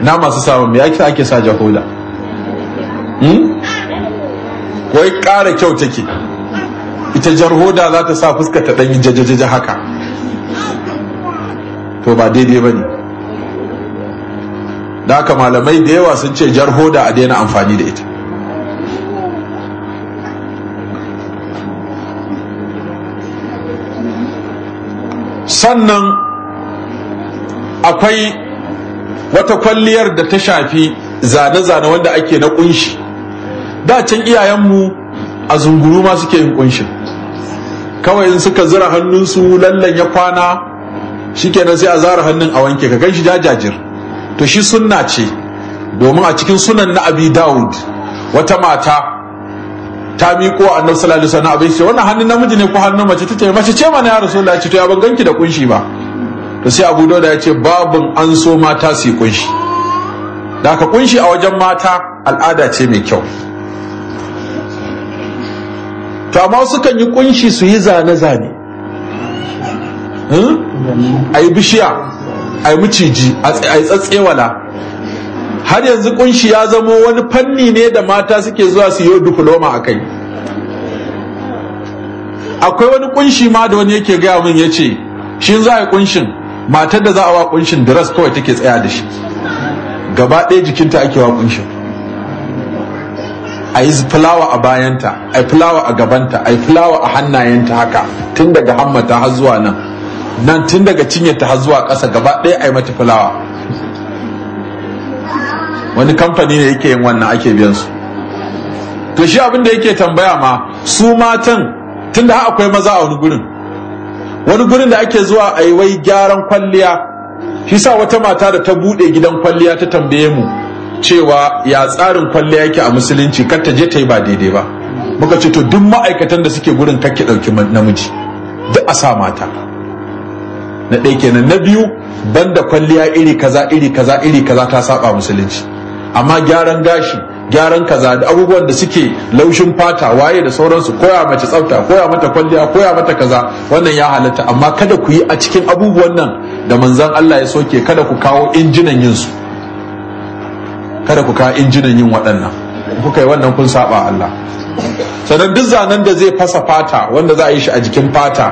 na masu samun me yasa ake sa jar hoda hmm? wai ƙara kyau take ita jar hoda za ta sa fuska ta ɗan jajajaja haka to ba daidai ba ne da haka malamai da yawa sun ce jar hoda a daina amfani da ita sannan akwai wata kwalliyar da ta shafi zane-zane wanda ake na kunshi da can iyayenmu a zunguru ma suke yin kunshin kawai in suka zura hannunsu lallan ya kwana shikenan sai a zara hannun a wanke ka ganshi jajajir to shi sunna ce domin a cikin sunan na abi daud wata mata ta miƙo annabi sallallahu alaihi wasallam abin ce wannan hannun namiji ne ko hannun mace tace mace ce mana ya rasulullahi ce to ya ban ganki da kunshi ba to sai abu dauda ya ce babun an so mata su yi kunshi da ka kunshi a wajen mata al'ada ce mai kyau to amma sukan yi kunshi su yi zane-zane hmm? a yi bishiya a yi miciji a yi tsatsewala har yanzu kunshi ya zamo wani fanni ne da mata suke zuwa su yi diploma a kai akwai wani kunshi ma da wani yake gaya min ya ce shi za a yi kunshin matar da za a wa kunshin dress kawai take tsaya da shi gaba ɗaya jikinta ake wa kunshin a yi fulawa a bayanta a yi fulawa a gabanta a yi fulawa a hannayenta haka tun daga hammata har zuwa nan nan tun daga cinyata har zuwa ƙasa gaba ɗaya a yi mata fulawa wani kamfani ne yake yin wannan ake biyan su to shi abin da yake tambaya ma su matan tun da akwai maza a wani gurin wani gurin da ake zuwa a yi wai gyaran kwalliya shi sa wata mata da ta buɗe gidan kwalliya ta tambaye mu cewa ya tsarin kwalle yake a musulunci kar ta je ta yi ba daidai ba muka ce to duk ma'aikatan da suke gurin kakki ɗauki namiji duk a sa mata na ɗaya kenan na biyu ban banda kwalliya iri kaza iri kaza iri kaza ta saba musulunci amma gyaran gashi gyaran kaza da abubuwan da suke laushin fata waye da sauransu koya mace tsafta koya mata kwalliya koya mata kaza wannan ya halatta amma kada ku yi a cikin abubuwan nan da manzon Allah ya soke kada ku kawo injinan yinsu. kada ku ka injinan yin waɗannan ku kai wannan kun saba Allah Sanan duk zanen da zai fasa fata wanda za a yi shi a jikin fata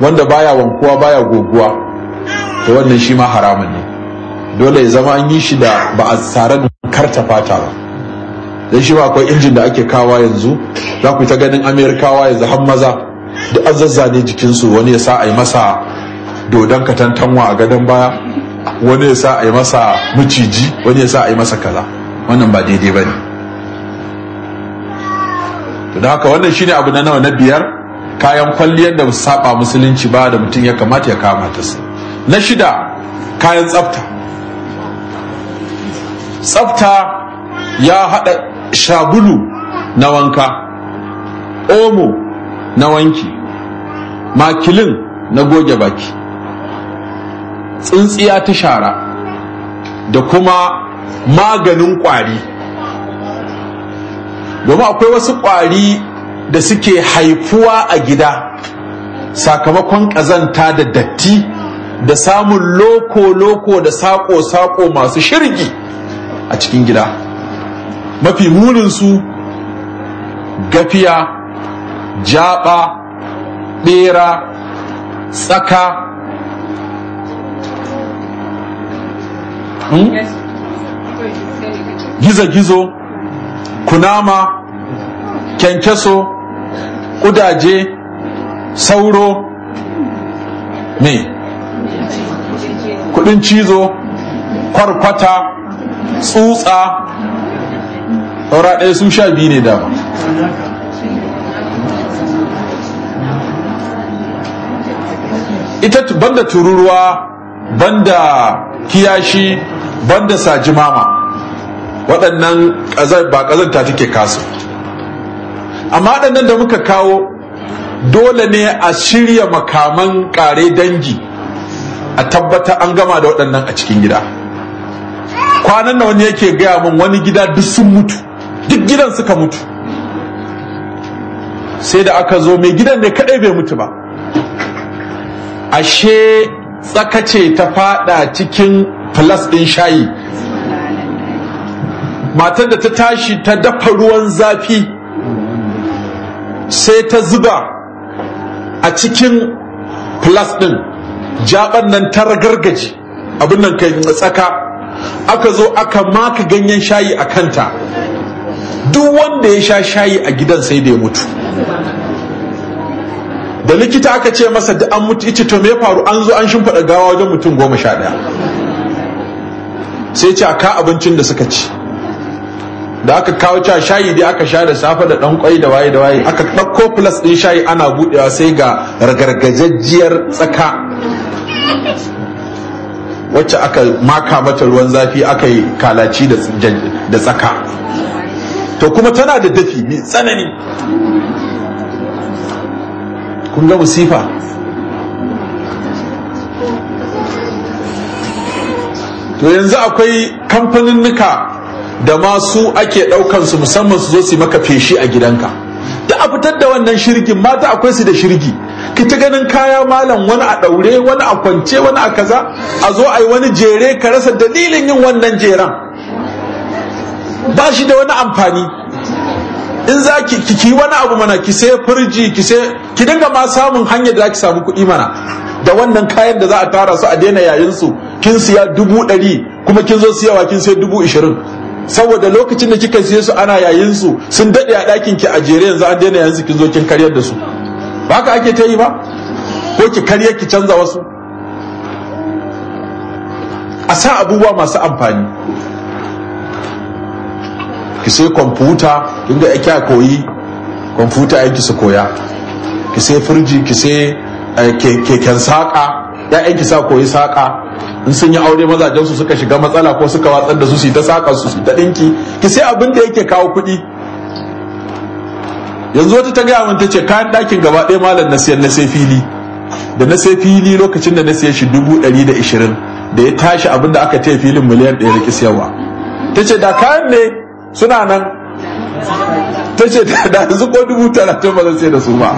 wanda baya wankuwa baya goguwa to wannan shi ma haramun ne dole ya zama an yi shi da ba a tsare karta fata ba dan shi ba akwai injin da ake kawa yanzu za ku ta ganin amerikawa yanzu har maza duk azzazza ne jikinsu wani ya sa a yi masa dodon katantanwa a gadon baya wani yasa sa a yi masa maciji wani yasa a yi masa kaza wannan ba daidai ba ne to da haka wannan shine abu na nawa na biyar kayan kwalliyar da saba musulunci ba da mutum ya kamata ya kama ta su na shida kayan tsafta tsafta ya haɗa shabulu na wanka omo na wanki makilin na goge baki tsintsiya ta shara da kuma maganin ƙwari domin akwai wasu ƙwari da suke haifuwa a gida sakamakon ƙazanta da datti da samun loko-loko da saƙo-saƙo masu shirgi a cikin gida mafi muninsu gafiya jaba ɓera tsaka Hmm? gizo-gizo kunama kyankyaso ƙudaje sauro me kudin cizo kwarkwata tsutsa ɗaura ɗaya su sha biyu ne dama ita banda tururuwa banda kiyashi banda jimama. waɗannan ba ƙazanta take kasu amma waɗannan da muka kawo dole ne a shirya makaman ƙare dangi a tabbata an gama da waɗannan a cikin gida kwanan na wani yake gaya mun wani gida duk sun mutu duk gidan suka mutu sai da aka zo mai gidan ne kaɗai bai mutu ba ashe tsakace ta fada cikin falas ɗin shayi matar da ta tashi ta dafa ruwan zafi sai ta zuba a cikin falas ɗin jaban nan ta ragargaji abin nan kan tsaka aka zo aka maka ganyen shayi a kanta duk wanda ya sha shayi a gidan sai da ya mutu da likita aka ce masa da an mutu ice to me faru an zo an shimfada gawa wajen mutum goma sha ɗaya sai ce a ka abincin da suka ci da aka kawo cewa shayi dai aka sha da safe da dan kwai da waye da waye aka ɗauko plus ɗin shayi ana buɗewa sai ga ragargajajjiyar tsaka wacce aka maka mata ruwan zafi aka yi kalaci da tsaka to kuma tana da dafi mai tsanani kun ga musifa to yanzu akwai kamfanin nuka da masu ake ɗaukan su musamman su zo su yi maka feshi a gidanka da a fitar da wannan shirgin mata akwai su da shirgi ki ta ganin kaya malam wani a ɗaure wani a kwance wani a kaza a zo a yi wani jere ka rasa dalilin yin wannan jeren ba shi da wani amfani in za ki ki wani abu mana ki sai firji ki sai ki dinga ma samun hanyar da za ki samu kuɗi mana da wannan kayan da za a tara su a daina yayin su kin siya dubu ɗari kuma kin zo siyawa kin sai dubu ishirin saboda lokacin da kika siye su ana yayin su sun daɗe a ɗakin ki a jere yanzu an daina yanzu kin zo kin karyar da su ba ka ake ta yi ba ko ki karya ki canza wasu a sa abubuwa masu amfani ki sai kwamfuta inda ya a koyi kwamfuta yanki su koya ki sai firji ki sai eh, keken saƙa ya'yanki sa koyi saƙa in sun yi aure mazajen su suka shiga matsala ko suka watsar da su su ta saka su su ta dinki ki sai abin da yake kawo kuɗi yanzu wata ta gaya min ta ce kayan ɗakin gaba ɗaya malam na siyan na sai fili da na sai fili lokacin da na siya shi dubu ɗari da ishirin da ya tashi abin da aka taya filin miliyan ɗaya da ki siyarwa ta ce da kayan ne suna nan ta ce da yanzu ko dubu talatin ba zan sai da su ba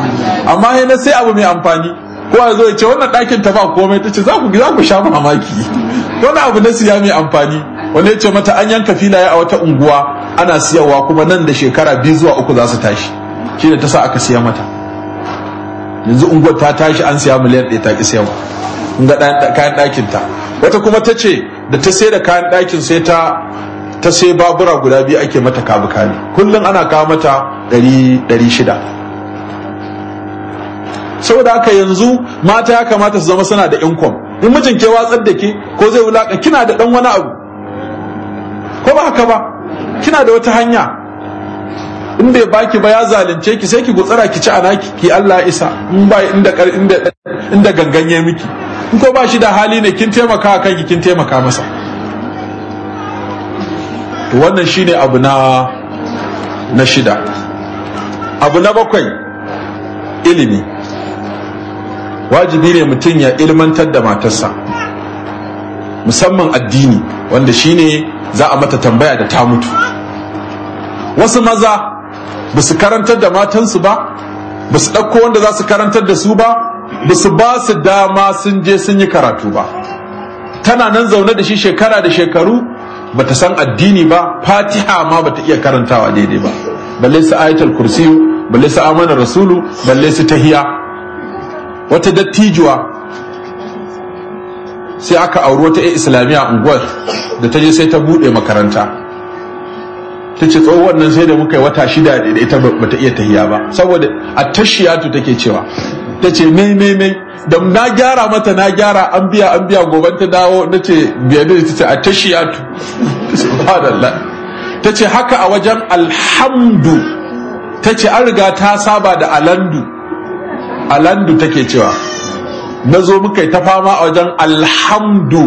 amma na sai abu mai amfani ko a zo ya ce wannan ɗakin ta ba komai ta ce za ku za ku sha mamaki wani abu na siya mai amfani Wani ya ce mata an yanka filaye a wata unguwa ana siyarwa kuma nan da shekara biyu zuwa uku za su tashi shi ta sa aka siya mata yanzu unguwar ta tashi an siya miliyan ɗaya ta ki siyarwa kun ga kayan ɗakin ta wata kuma ta ce da ta sai da kayan ɗakin sai ta ta sai babura guda biyu ake mata kabu kabi kullum ana kawo mata ɗari shida saboda haka yanzu mata ya kamata su zama suna da inkom in mijin ke watsar da ke ko zai wulaka kina da dan wani abu ko ba haka ba kina da wata hanya in bai baki ba ya zalunce ki sai ki gutsara ki ci ana ki Allah isa in ba inda inda inda ganganye miki in ko ba shi da hali ne kin taimaka kanki kin taimaka masa to wannan shine abu na na shida abu na bakwai ilimi wajibi ne mutum ya ilmantar da matarsa musamman addini wanda shine za a mata tambaya da ta mutu wasu maza ba su karantar da matansu ba ba su ɗauko wanda za su karantar da su ba ba su ba su dama sun je sun yi karatu ba tana nan zaune da shi shekara da shekaru ba ta san addini ba fatiha ma ba ta iya karantawa daidai ba balle su ayatul kursiyu balle su amanar rasulu balle su tahiya wata dattijuwa sai aka auri wata ya islamiyya unguwar da ta je sai ta buɗe makaranta ta ce tsohuwar nan sai da muka yi wata shida da ita ba ta iya tahiya ba saboda a tashiyatu take cewa ta ce mai mai mai da na gyara mata na gyara an biya an biya goban ta dawo na ce biya da ta ce a tashiyatu subhanallah ta ce haka a wajen alhamdu ta ce an riga ta saba da alandu alandu take cewa na zo muka ta fama a wajen alhamdu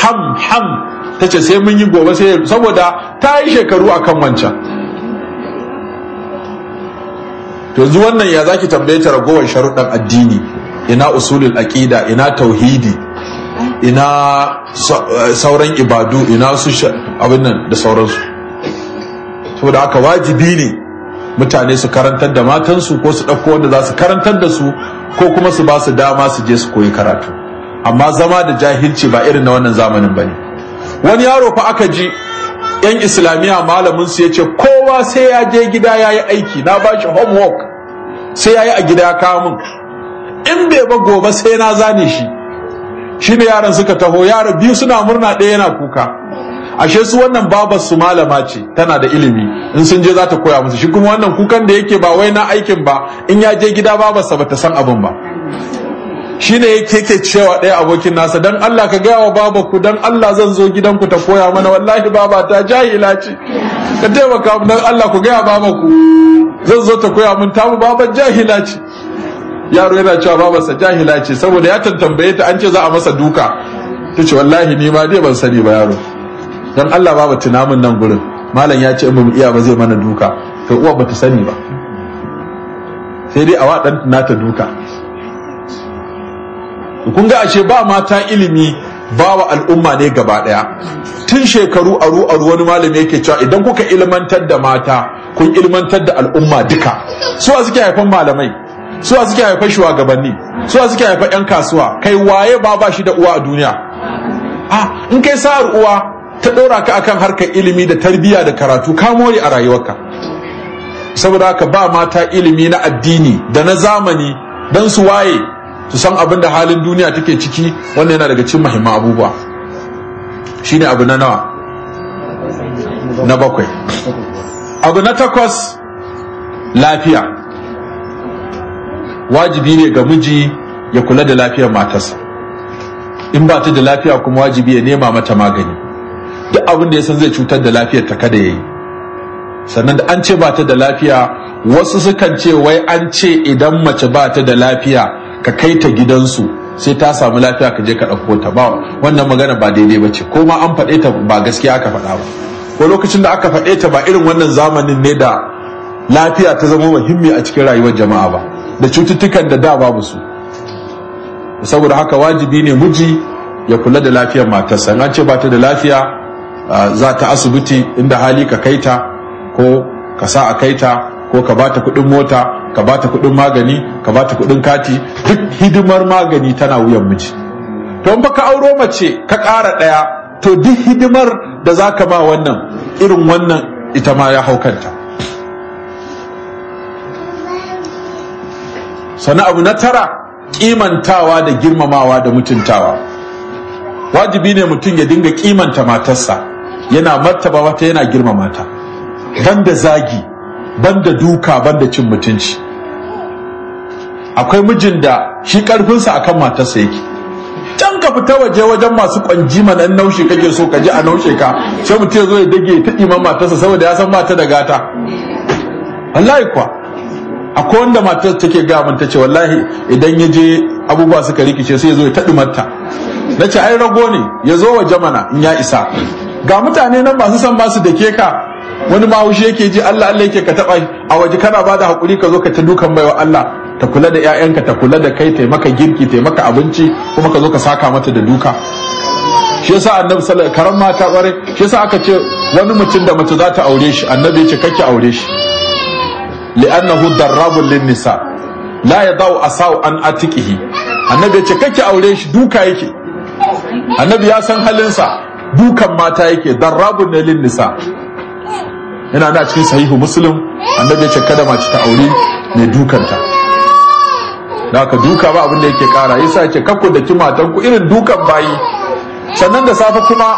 ham ham ta ce sai mun yi gobe sai saboda ta yi shekaru a kan wancan to wannan ya zaki tambaye ta ragowar sharuɗan addini ina usulul aƙida ina tauhidi ina eh, sauran ibadu ina su abin nan da sauransu saboda aka wajibi ne mutane su karantar da matansu ko su ɗauko wanda za su karantar da su ko kuma su ba su dama su je su koyi karatu amma zama da jahilci ba irin na wannan zamanin ba ne wani yaro fa aka ji yan islamiyya malamin su ya ce kowa sai ya je gida ya yi aiki na ba shi homework sai ya yi a gida ya kawo in bai ba gobe sai na zane shi shi ne yaran suka taho yara biyu suna murna ɗaya yana kuka ashe su wannan babar su malama ce tana da ilimi in sun je za ta koya musu shi kuma wannan kukan da yake ba wai na aikin ba in ya je gida babarsa ba ta san abin ba shine yake ke cewa ɗaya abokin nasa dan Allah ka gaya wa baba ku dan Allah zan zo gidanku ta koya mana wallahi baba ta jahila ce ka taimaka don dan Allah ku gaya baba ku zan zo ta koya mun tamu babar jahila ce yaro yana cewa babarsa jahila ce saboda ya tantambaye ta an ce za a masa duka ta ce wallahi ni ma dai ban sani ba yaro dan Allah ba bata namun nan gurin malam ya ce in mu iya ba zai mana duka to uwa bata sani ba sai dai a dan nata duka kun ga ashe ba mata ilimi ba wa al'umma ne gaba daya tun shekaru aru aru wani malami yake cewa idan kuka ilmantar da mata kun ilmantar da al'umma duka Su a suke haifan malamai Su a suke haifan shugabanni a suke haifan yan kasuwa kai waye ba ba shi da uwa a duniya a ah, in kai sa'ar uwa ta ɗora ka akan harkar ilimi da tarbiyya da karatu ka more a rayuwarka saboda haka ba mata ilimi na addini da na zamani don su waye su san abin da halin duniya take ciki wannan yana daga cikin mahimman abubuwa shine abu na nawa na bakwai abu na takwas lafiya wajibi ne ga miji ya kula da lafiyar matarsa in ba ta da lafiya kuma wajibi ya nema mata magani duk abin da ya san zai cutar da lafiyar ta kada yayi sannan da an ce ba ta da lafiya wasu sukan ce wai an ce idan mace ba ta da lafiya ka kai ta gidansu sai ta samu lafiya ka je ka ɗauko ta ba wannan magana ba daidai ba ce ko ma an faɗe ta ba gaskiya aka faɗa ba ko lokacin da aka faɗe ta ba irin wannan zamanin ne da lafiya ta zama muhimmi a cikin rayuwar jama'a ba da cututtukan da da babu su saboda haka wajibi ne miji ya kula da lafiyar matarsa an ce ba ta da lafiya za ta asibiti inda hali ka kaita ko ka sa a kaita ko ka bata kudin mota ka bata kudin magani ka bata kudin kati duk hidimar magani tana wuyan miji to in baka auro mace ka ƙara ɗaya to duk hidimar da za ka ba wannan irin wannan ita ma ya haukanta sana abu na tara kimantawa da girmamawa da mutuntawa wajibi ne mutum ya dinga kimanta matarsa yana martaba wata yana girmama ta banda zagi banda duka banda cin mutunci akwai mijin da shi karfinsa akan matarsa yake can ka fita waje wajen masu kwanji manan naushe kake so ka ji a naushe ka sai mutum ya zo ya dage ta iman matarsa saboda ya san mata da gata wallahi kuwa akwai wanda matarsa take ga mun ce wallahi idan ya je abubuwa suka rikice sai ya zo ya taɗi mata na ce ai rago ne ya zo waje mana in ya isa ga mutane nan masu son basu da ke ka wani ma haushi yake ji Allah Allah yake ka taba a waje kana bada hakuri ka zo ka ta dukan baiwa Allah ta kula da ƴaƴanka ta kula da kai taimaka girki taimaka abinci kuma ka zo ka saka mata da duka shi yasa annabi sallallahu karam mata bare shi yasa aka ce wani mutum da mace za ta aure shi annabi ya ce kake aure shi li'annahu darrabun lin-nisa la yadau asau an atiqihi annabi ya ce kake aure shi duka yake annabi ya san halinsa dukan mata yake darrabun ne lin nisa ina da cikin sahihu muslim annabi ya ce kada mace ta aure mai dukanta da ka duka ba abin da yake kara yasa yake kakku da ki matan ku irin dukan bayi sannan da safe kuma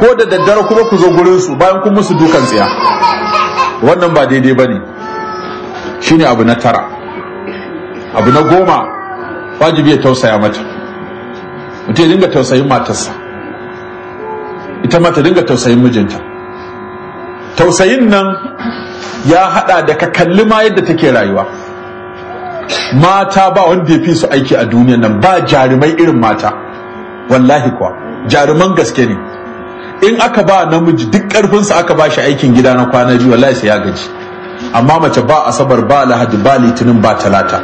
ko da daddare kuma ku zo gurin su bayan kun musu dukan tsiya wannan ba daidai bane shine abu na tara abu na goma wajibi ya tausaya mata mutum ya dinga tausayin matarsa ita ma ta dinga tausayin mijinta tausayin nan ya hada da ka kalli ma yadda take rayuwa mata ba wanda ya fi su aiki a duniyan nan ba jarumai irin mata wallahi kuwa jaruman gaske ne in aka ba namiji duk sa aka ba shi aikin gida na kwana biyu wallahi sai ya gaji amma mace ba asabar ba lahadi ba litinin ba talata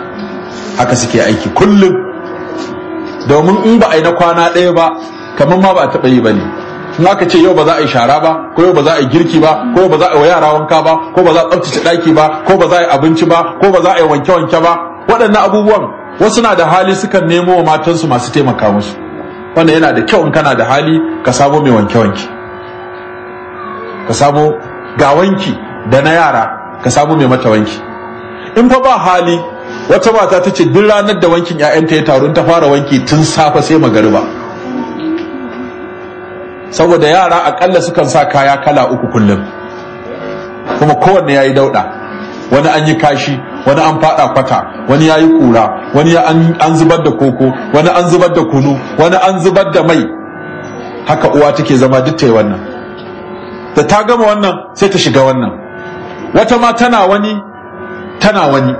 haka suke aiki kullum domin in ba a yi na kwana ɗaya ba kamar ma ba a taɓa yi ba ne in aka ce yau ba za a yi shara ba ko yau ba za a yi girki ba ko ba za a yi yara wanka ba ko ba za a tsaftace daki ba ko ba za a yi abinci ba ko ba za a yi wanke-wanke ba waɗannan abubuwan wasu na da hali sukan nemo wa matansu masu taimaka musu wanda yana da kyau in kana da hali ka samo mai wanke-wanke ka samo ga wanki da na yara ka samo mai mata wanki in fa ba hali wata mata ta ce duk ranar da wankin 'ya'yanta ya taru ta fara wanki tun safe sai magariba saboda yara akalla sukan sa kaya kala uku kullum kuma kowanne ya yi dauɗa wani an yi kashi wani an faɗa kwata wani ya yi kura wani an zubar da koko wani an zubar da kunu wani an zubar da mai haka uwa take zama duk ta yi wannan da ta gama wannan sai ta shiga wannan wata ma tana wani tana wani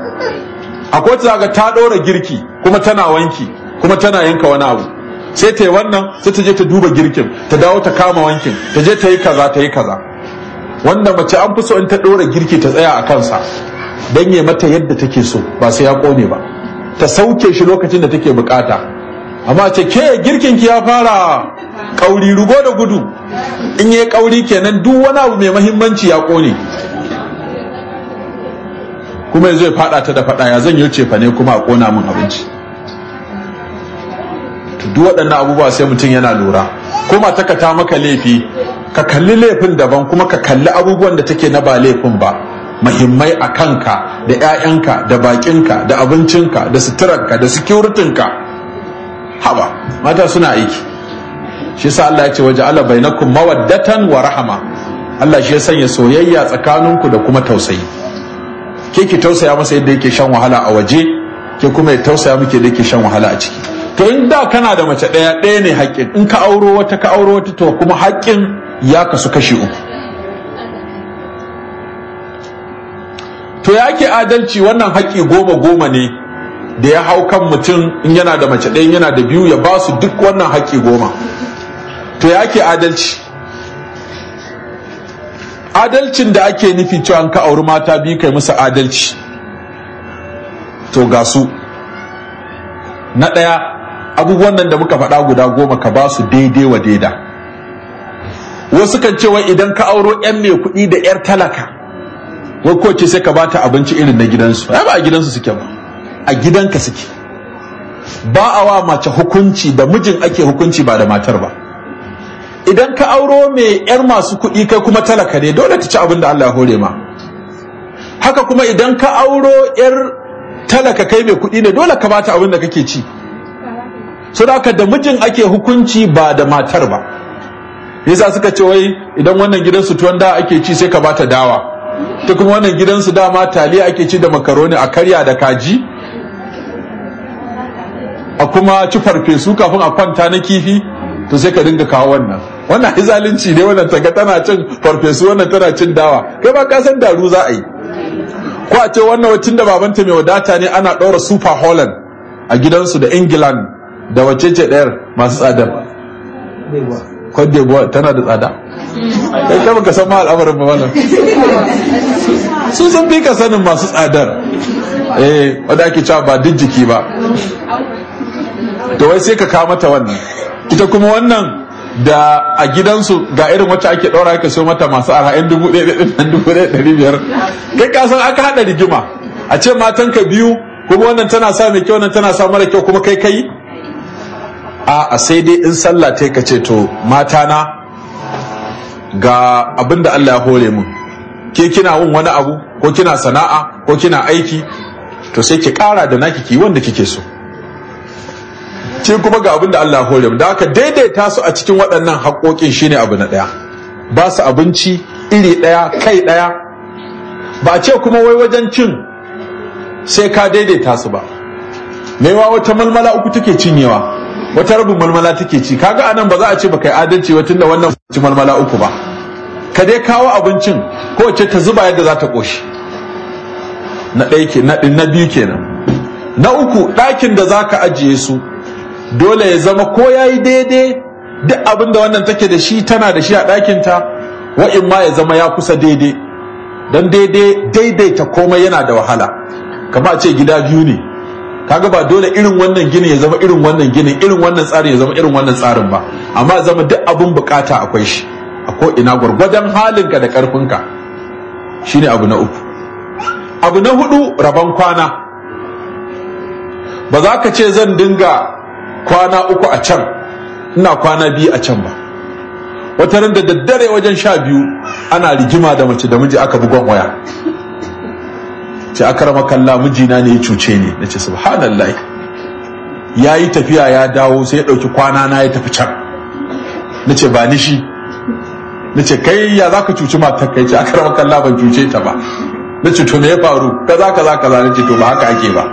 akwai ta ga ta ɗora girki kuma tana wanki kuma tana yanka wani abu sai ta yi wannan sai ta je ta duba girkin ta dawo ta kama wankin ta je ta yi kaza ta yi kaza wanda mace an fi so in ta ɗora girki ta tsaya a kansa don ya mata yadda take so ba sai ya kone ba ta sauke shi lokacin da take bukata amma ce ke girkin ki ya fara kauri rugo da gudu in yi kauri kenan duk wani abu mai mahimmanci ya kone kuma ya fada ta da fada ya zan yi ce fa ne kuma a kona min abinci duk waɗannan abubuwa sai mutum yana lura ko ka ta maka laifi ka kalli laifin daban kuma ka kalli abubuwan da take na ba laifin ba muhimmai a kanka da 'ya'yanka da bakinka da abincinka da suturarka da sikuritinka haba mata suna aiki shi sa Allah ya ce waje ala bainakum mawaddatan wa rahama Allah shi ya sanya soyayya tsakaninku da kuma tausayi ke ki tausaya masa yadda yake shan wahala a waje ke kuma ya tausaya muke da yake shan wahala a ciki to in da kana da mace ɗaya ɗaya ne haƙƙin in ka auro wata ka auro wata to kuma haƙƙin ya kasu kashi uku to ya ke adalci wannan haƙƙi goma goma ne da ya hau kan mutum in yana da mace ɗaya yana da biyu ya ba su duk wannan haƙƙi goma to ya ke adalci adalcin da ake nufi cewa an ka auri mata biyu kai musu adalci to ga su na ɗaya abubuwan nan da muka faɗa guda goma ka ba su daidai wa daida wasu kan cewa idan ka auro yan mai kuɗi da yar talaka wakoce sai ka ba ta abinci irin na gidansu ba a gidansu suke ba a gidanka suke ba a wa mace hukunci da mijin ake hukunci ba da matar ba idan ka auro mai yar masu kuɗi kai kuma talaka ne dole ta ci abin da Allah ya hore ma haka kuma idan ka auro yar talaka kai mai kuɗi ne dole ka bata abin da kake ci saboda da mijin ake hukunci ba da matar ba yasa suka ce wai idan wannan gidan su tuwon da ake ci sai ka bata dawa ta kuma wannan gidan su dama taliya ake ci da makaroni a karya da kaji a kuma ci farfesu kafin a kwanta na kifi to sai ka dinga kawo wannan wannan izalinci ne wannan taga tana cin farfesu wannan tana cin dawa kai ba ka san daru za a yi ko a ce wannan wacin da babanta mai wadata ne ana ɗaura super holland a gidansu da england da wacce ce ɗayar masu tsadar kwadde tana da tsada kai kama ka san ma al'amarin ba wannan sun san fi ka sanin masu tsadar eh wadda ake cewa ba duk jiki ba to wai sai ka kawo mata wannan ita kuma wannan da a gidansu ga irin wacce ake ɗora ka so mata masu arha yan dubu ɗaya ɗaya ɗaya dubu ɗaya ɗari biyar kai ka san aka haɗa rigima a ce matan ka biyu kuma wannan tana sa mai kyau wannan tana sa mara kyau kuma kai kai a sai dai in sallah ta ka ce to mata na ga abin da Allah ya hore mu ke kina wun wani abu ko kina sana'a ko kina aiki to sai ki kara da naki ki wanda kike so ce kuma ga abin da Allah ya hore mu da haka daidaita su a cikin waɗannan haƙoƙin shine abu na ɗaya ba su abinci iri ɗaya kai ɗaya ba a ce kuma wai wajen cin sai ka daidaita su ba maiwa wata malmala uku take cinyewa wata rabin malmala take ci kaga anan ba za a ce ba kai adalci ba tunda wannan ci malmala uku ba ka dai kawo abincin ko ce ta zuba yadda za ta koshi na ɗaya ke na biyu kenan na uku ɗakin da za ka ajiye su dole ya zama ko ya yi daidai duk abin da wannan take da shi tana da shi a ɗakinta wa'in ma ya zama ya kusa daidai don daidai daidaita komai yana da wahala Kamar a ce gida biyu ne kaga ba dole irin wannan gini ya zama irin wannan gini irin wannan tsarin ya zama irin wannan tsarin ba amma zama duk abun bukata akwai shi a ko ina gwargwadon halinka da karfinka shine abu na uku abu na hudu rabon kwana ba za ka ce zan dinga kwana uku a can ina kwana biyu a can ba wata da daddare wajen sha biyu ana rigima da mace da miji aka bugon waya ce akarama kalla mijina ne ya cuce ni na ce subhanallah ya yi tafiya ya dawo sai ya ɗauki kwana na ya tafi can na ce ba ni shi na ce kai ya za ka cuci matar kai ce akarama kalla ban cuce ta ba na ce to me ya faru kaza kaza kaza na ce to ba haka ake ba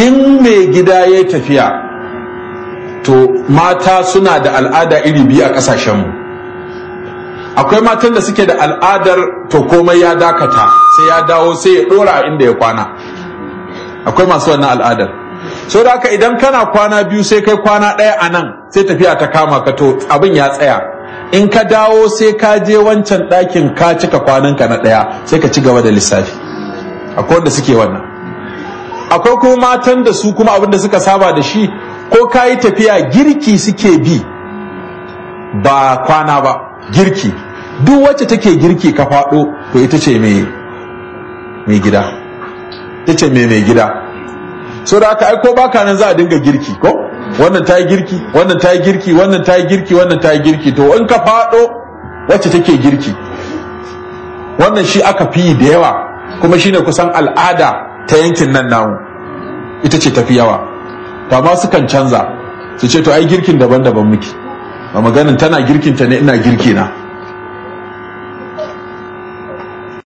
in mai gida ya tafiya to mata suna da al'ada iri biyu a ƙasashenmu akwai matan da suke da al'adar to komai ya dakata sai ya dawo sai ya dora inda ya kwana akwai masu wannan al'adar so da haka idan kana kwana biyu sai kai kwana ɗaya a nan sai tafiya ta kama ka to abin ya tsaya in ka dawo sai ka je wancan ɗakin ka cika kwananka na ɗaya sai ka ci gaba da lissafi akwai wanda suke wannan akwai kuma matan da su kuma abin da suka saba da shi ko ka yi tafiya girki suke bi ba kwana ba girki duk wacce take girki ka faɗo to ita ce mai gida ita ce mai gida so da aka aiko baka nan za a dinga girki ko wannan ta yi girki wannan ta yi girki wannan ta yi girki wannan ta yi girki to in ka faɗo wacce take girki wannan shi aka fi da yawa kuma shine kusan al'ada ta yankin nan namu ita ce tafi yawa to amma sukan canza su ce to ai girkin daban-daban muke Ba maganin tana girkinta ne ina girki na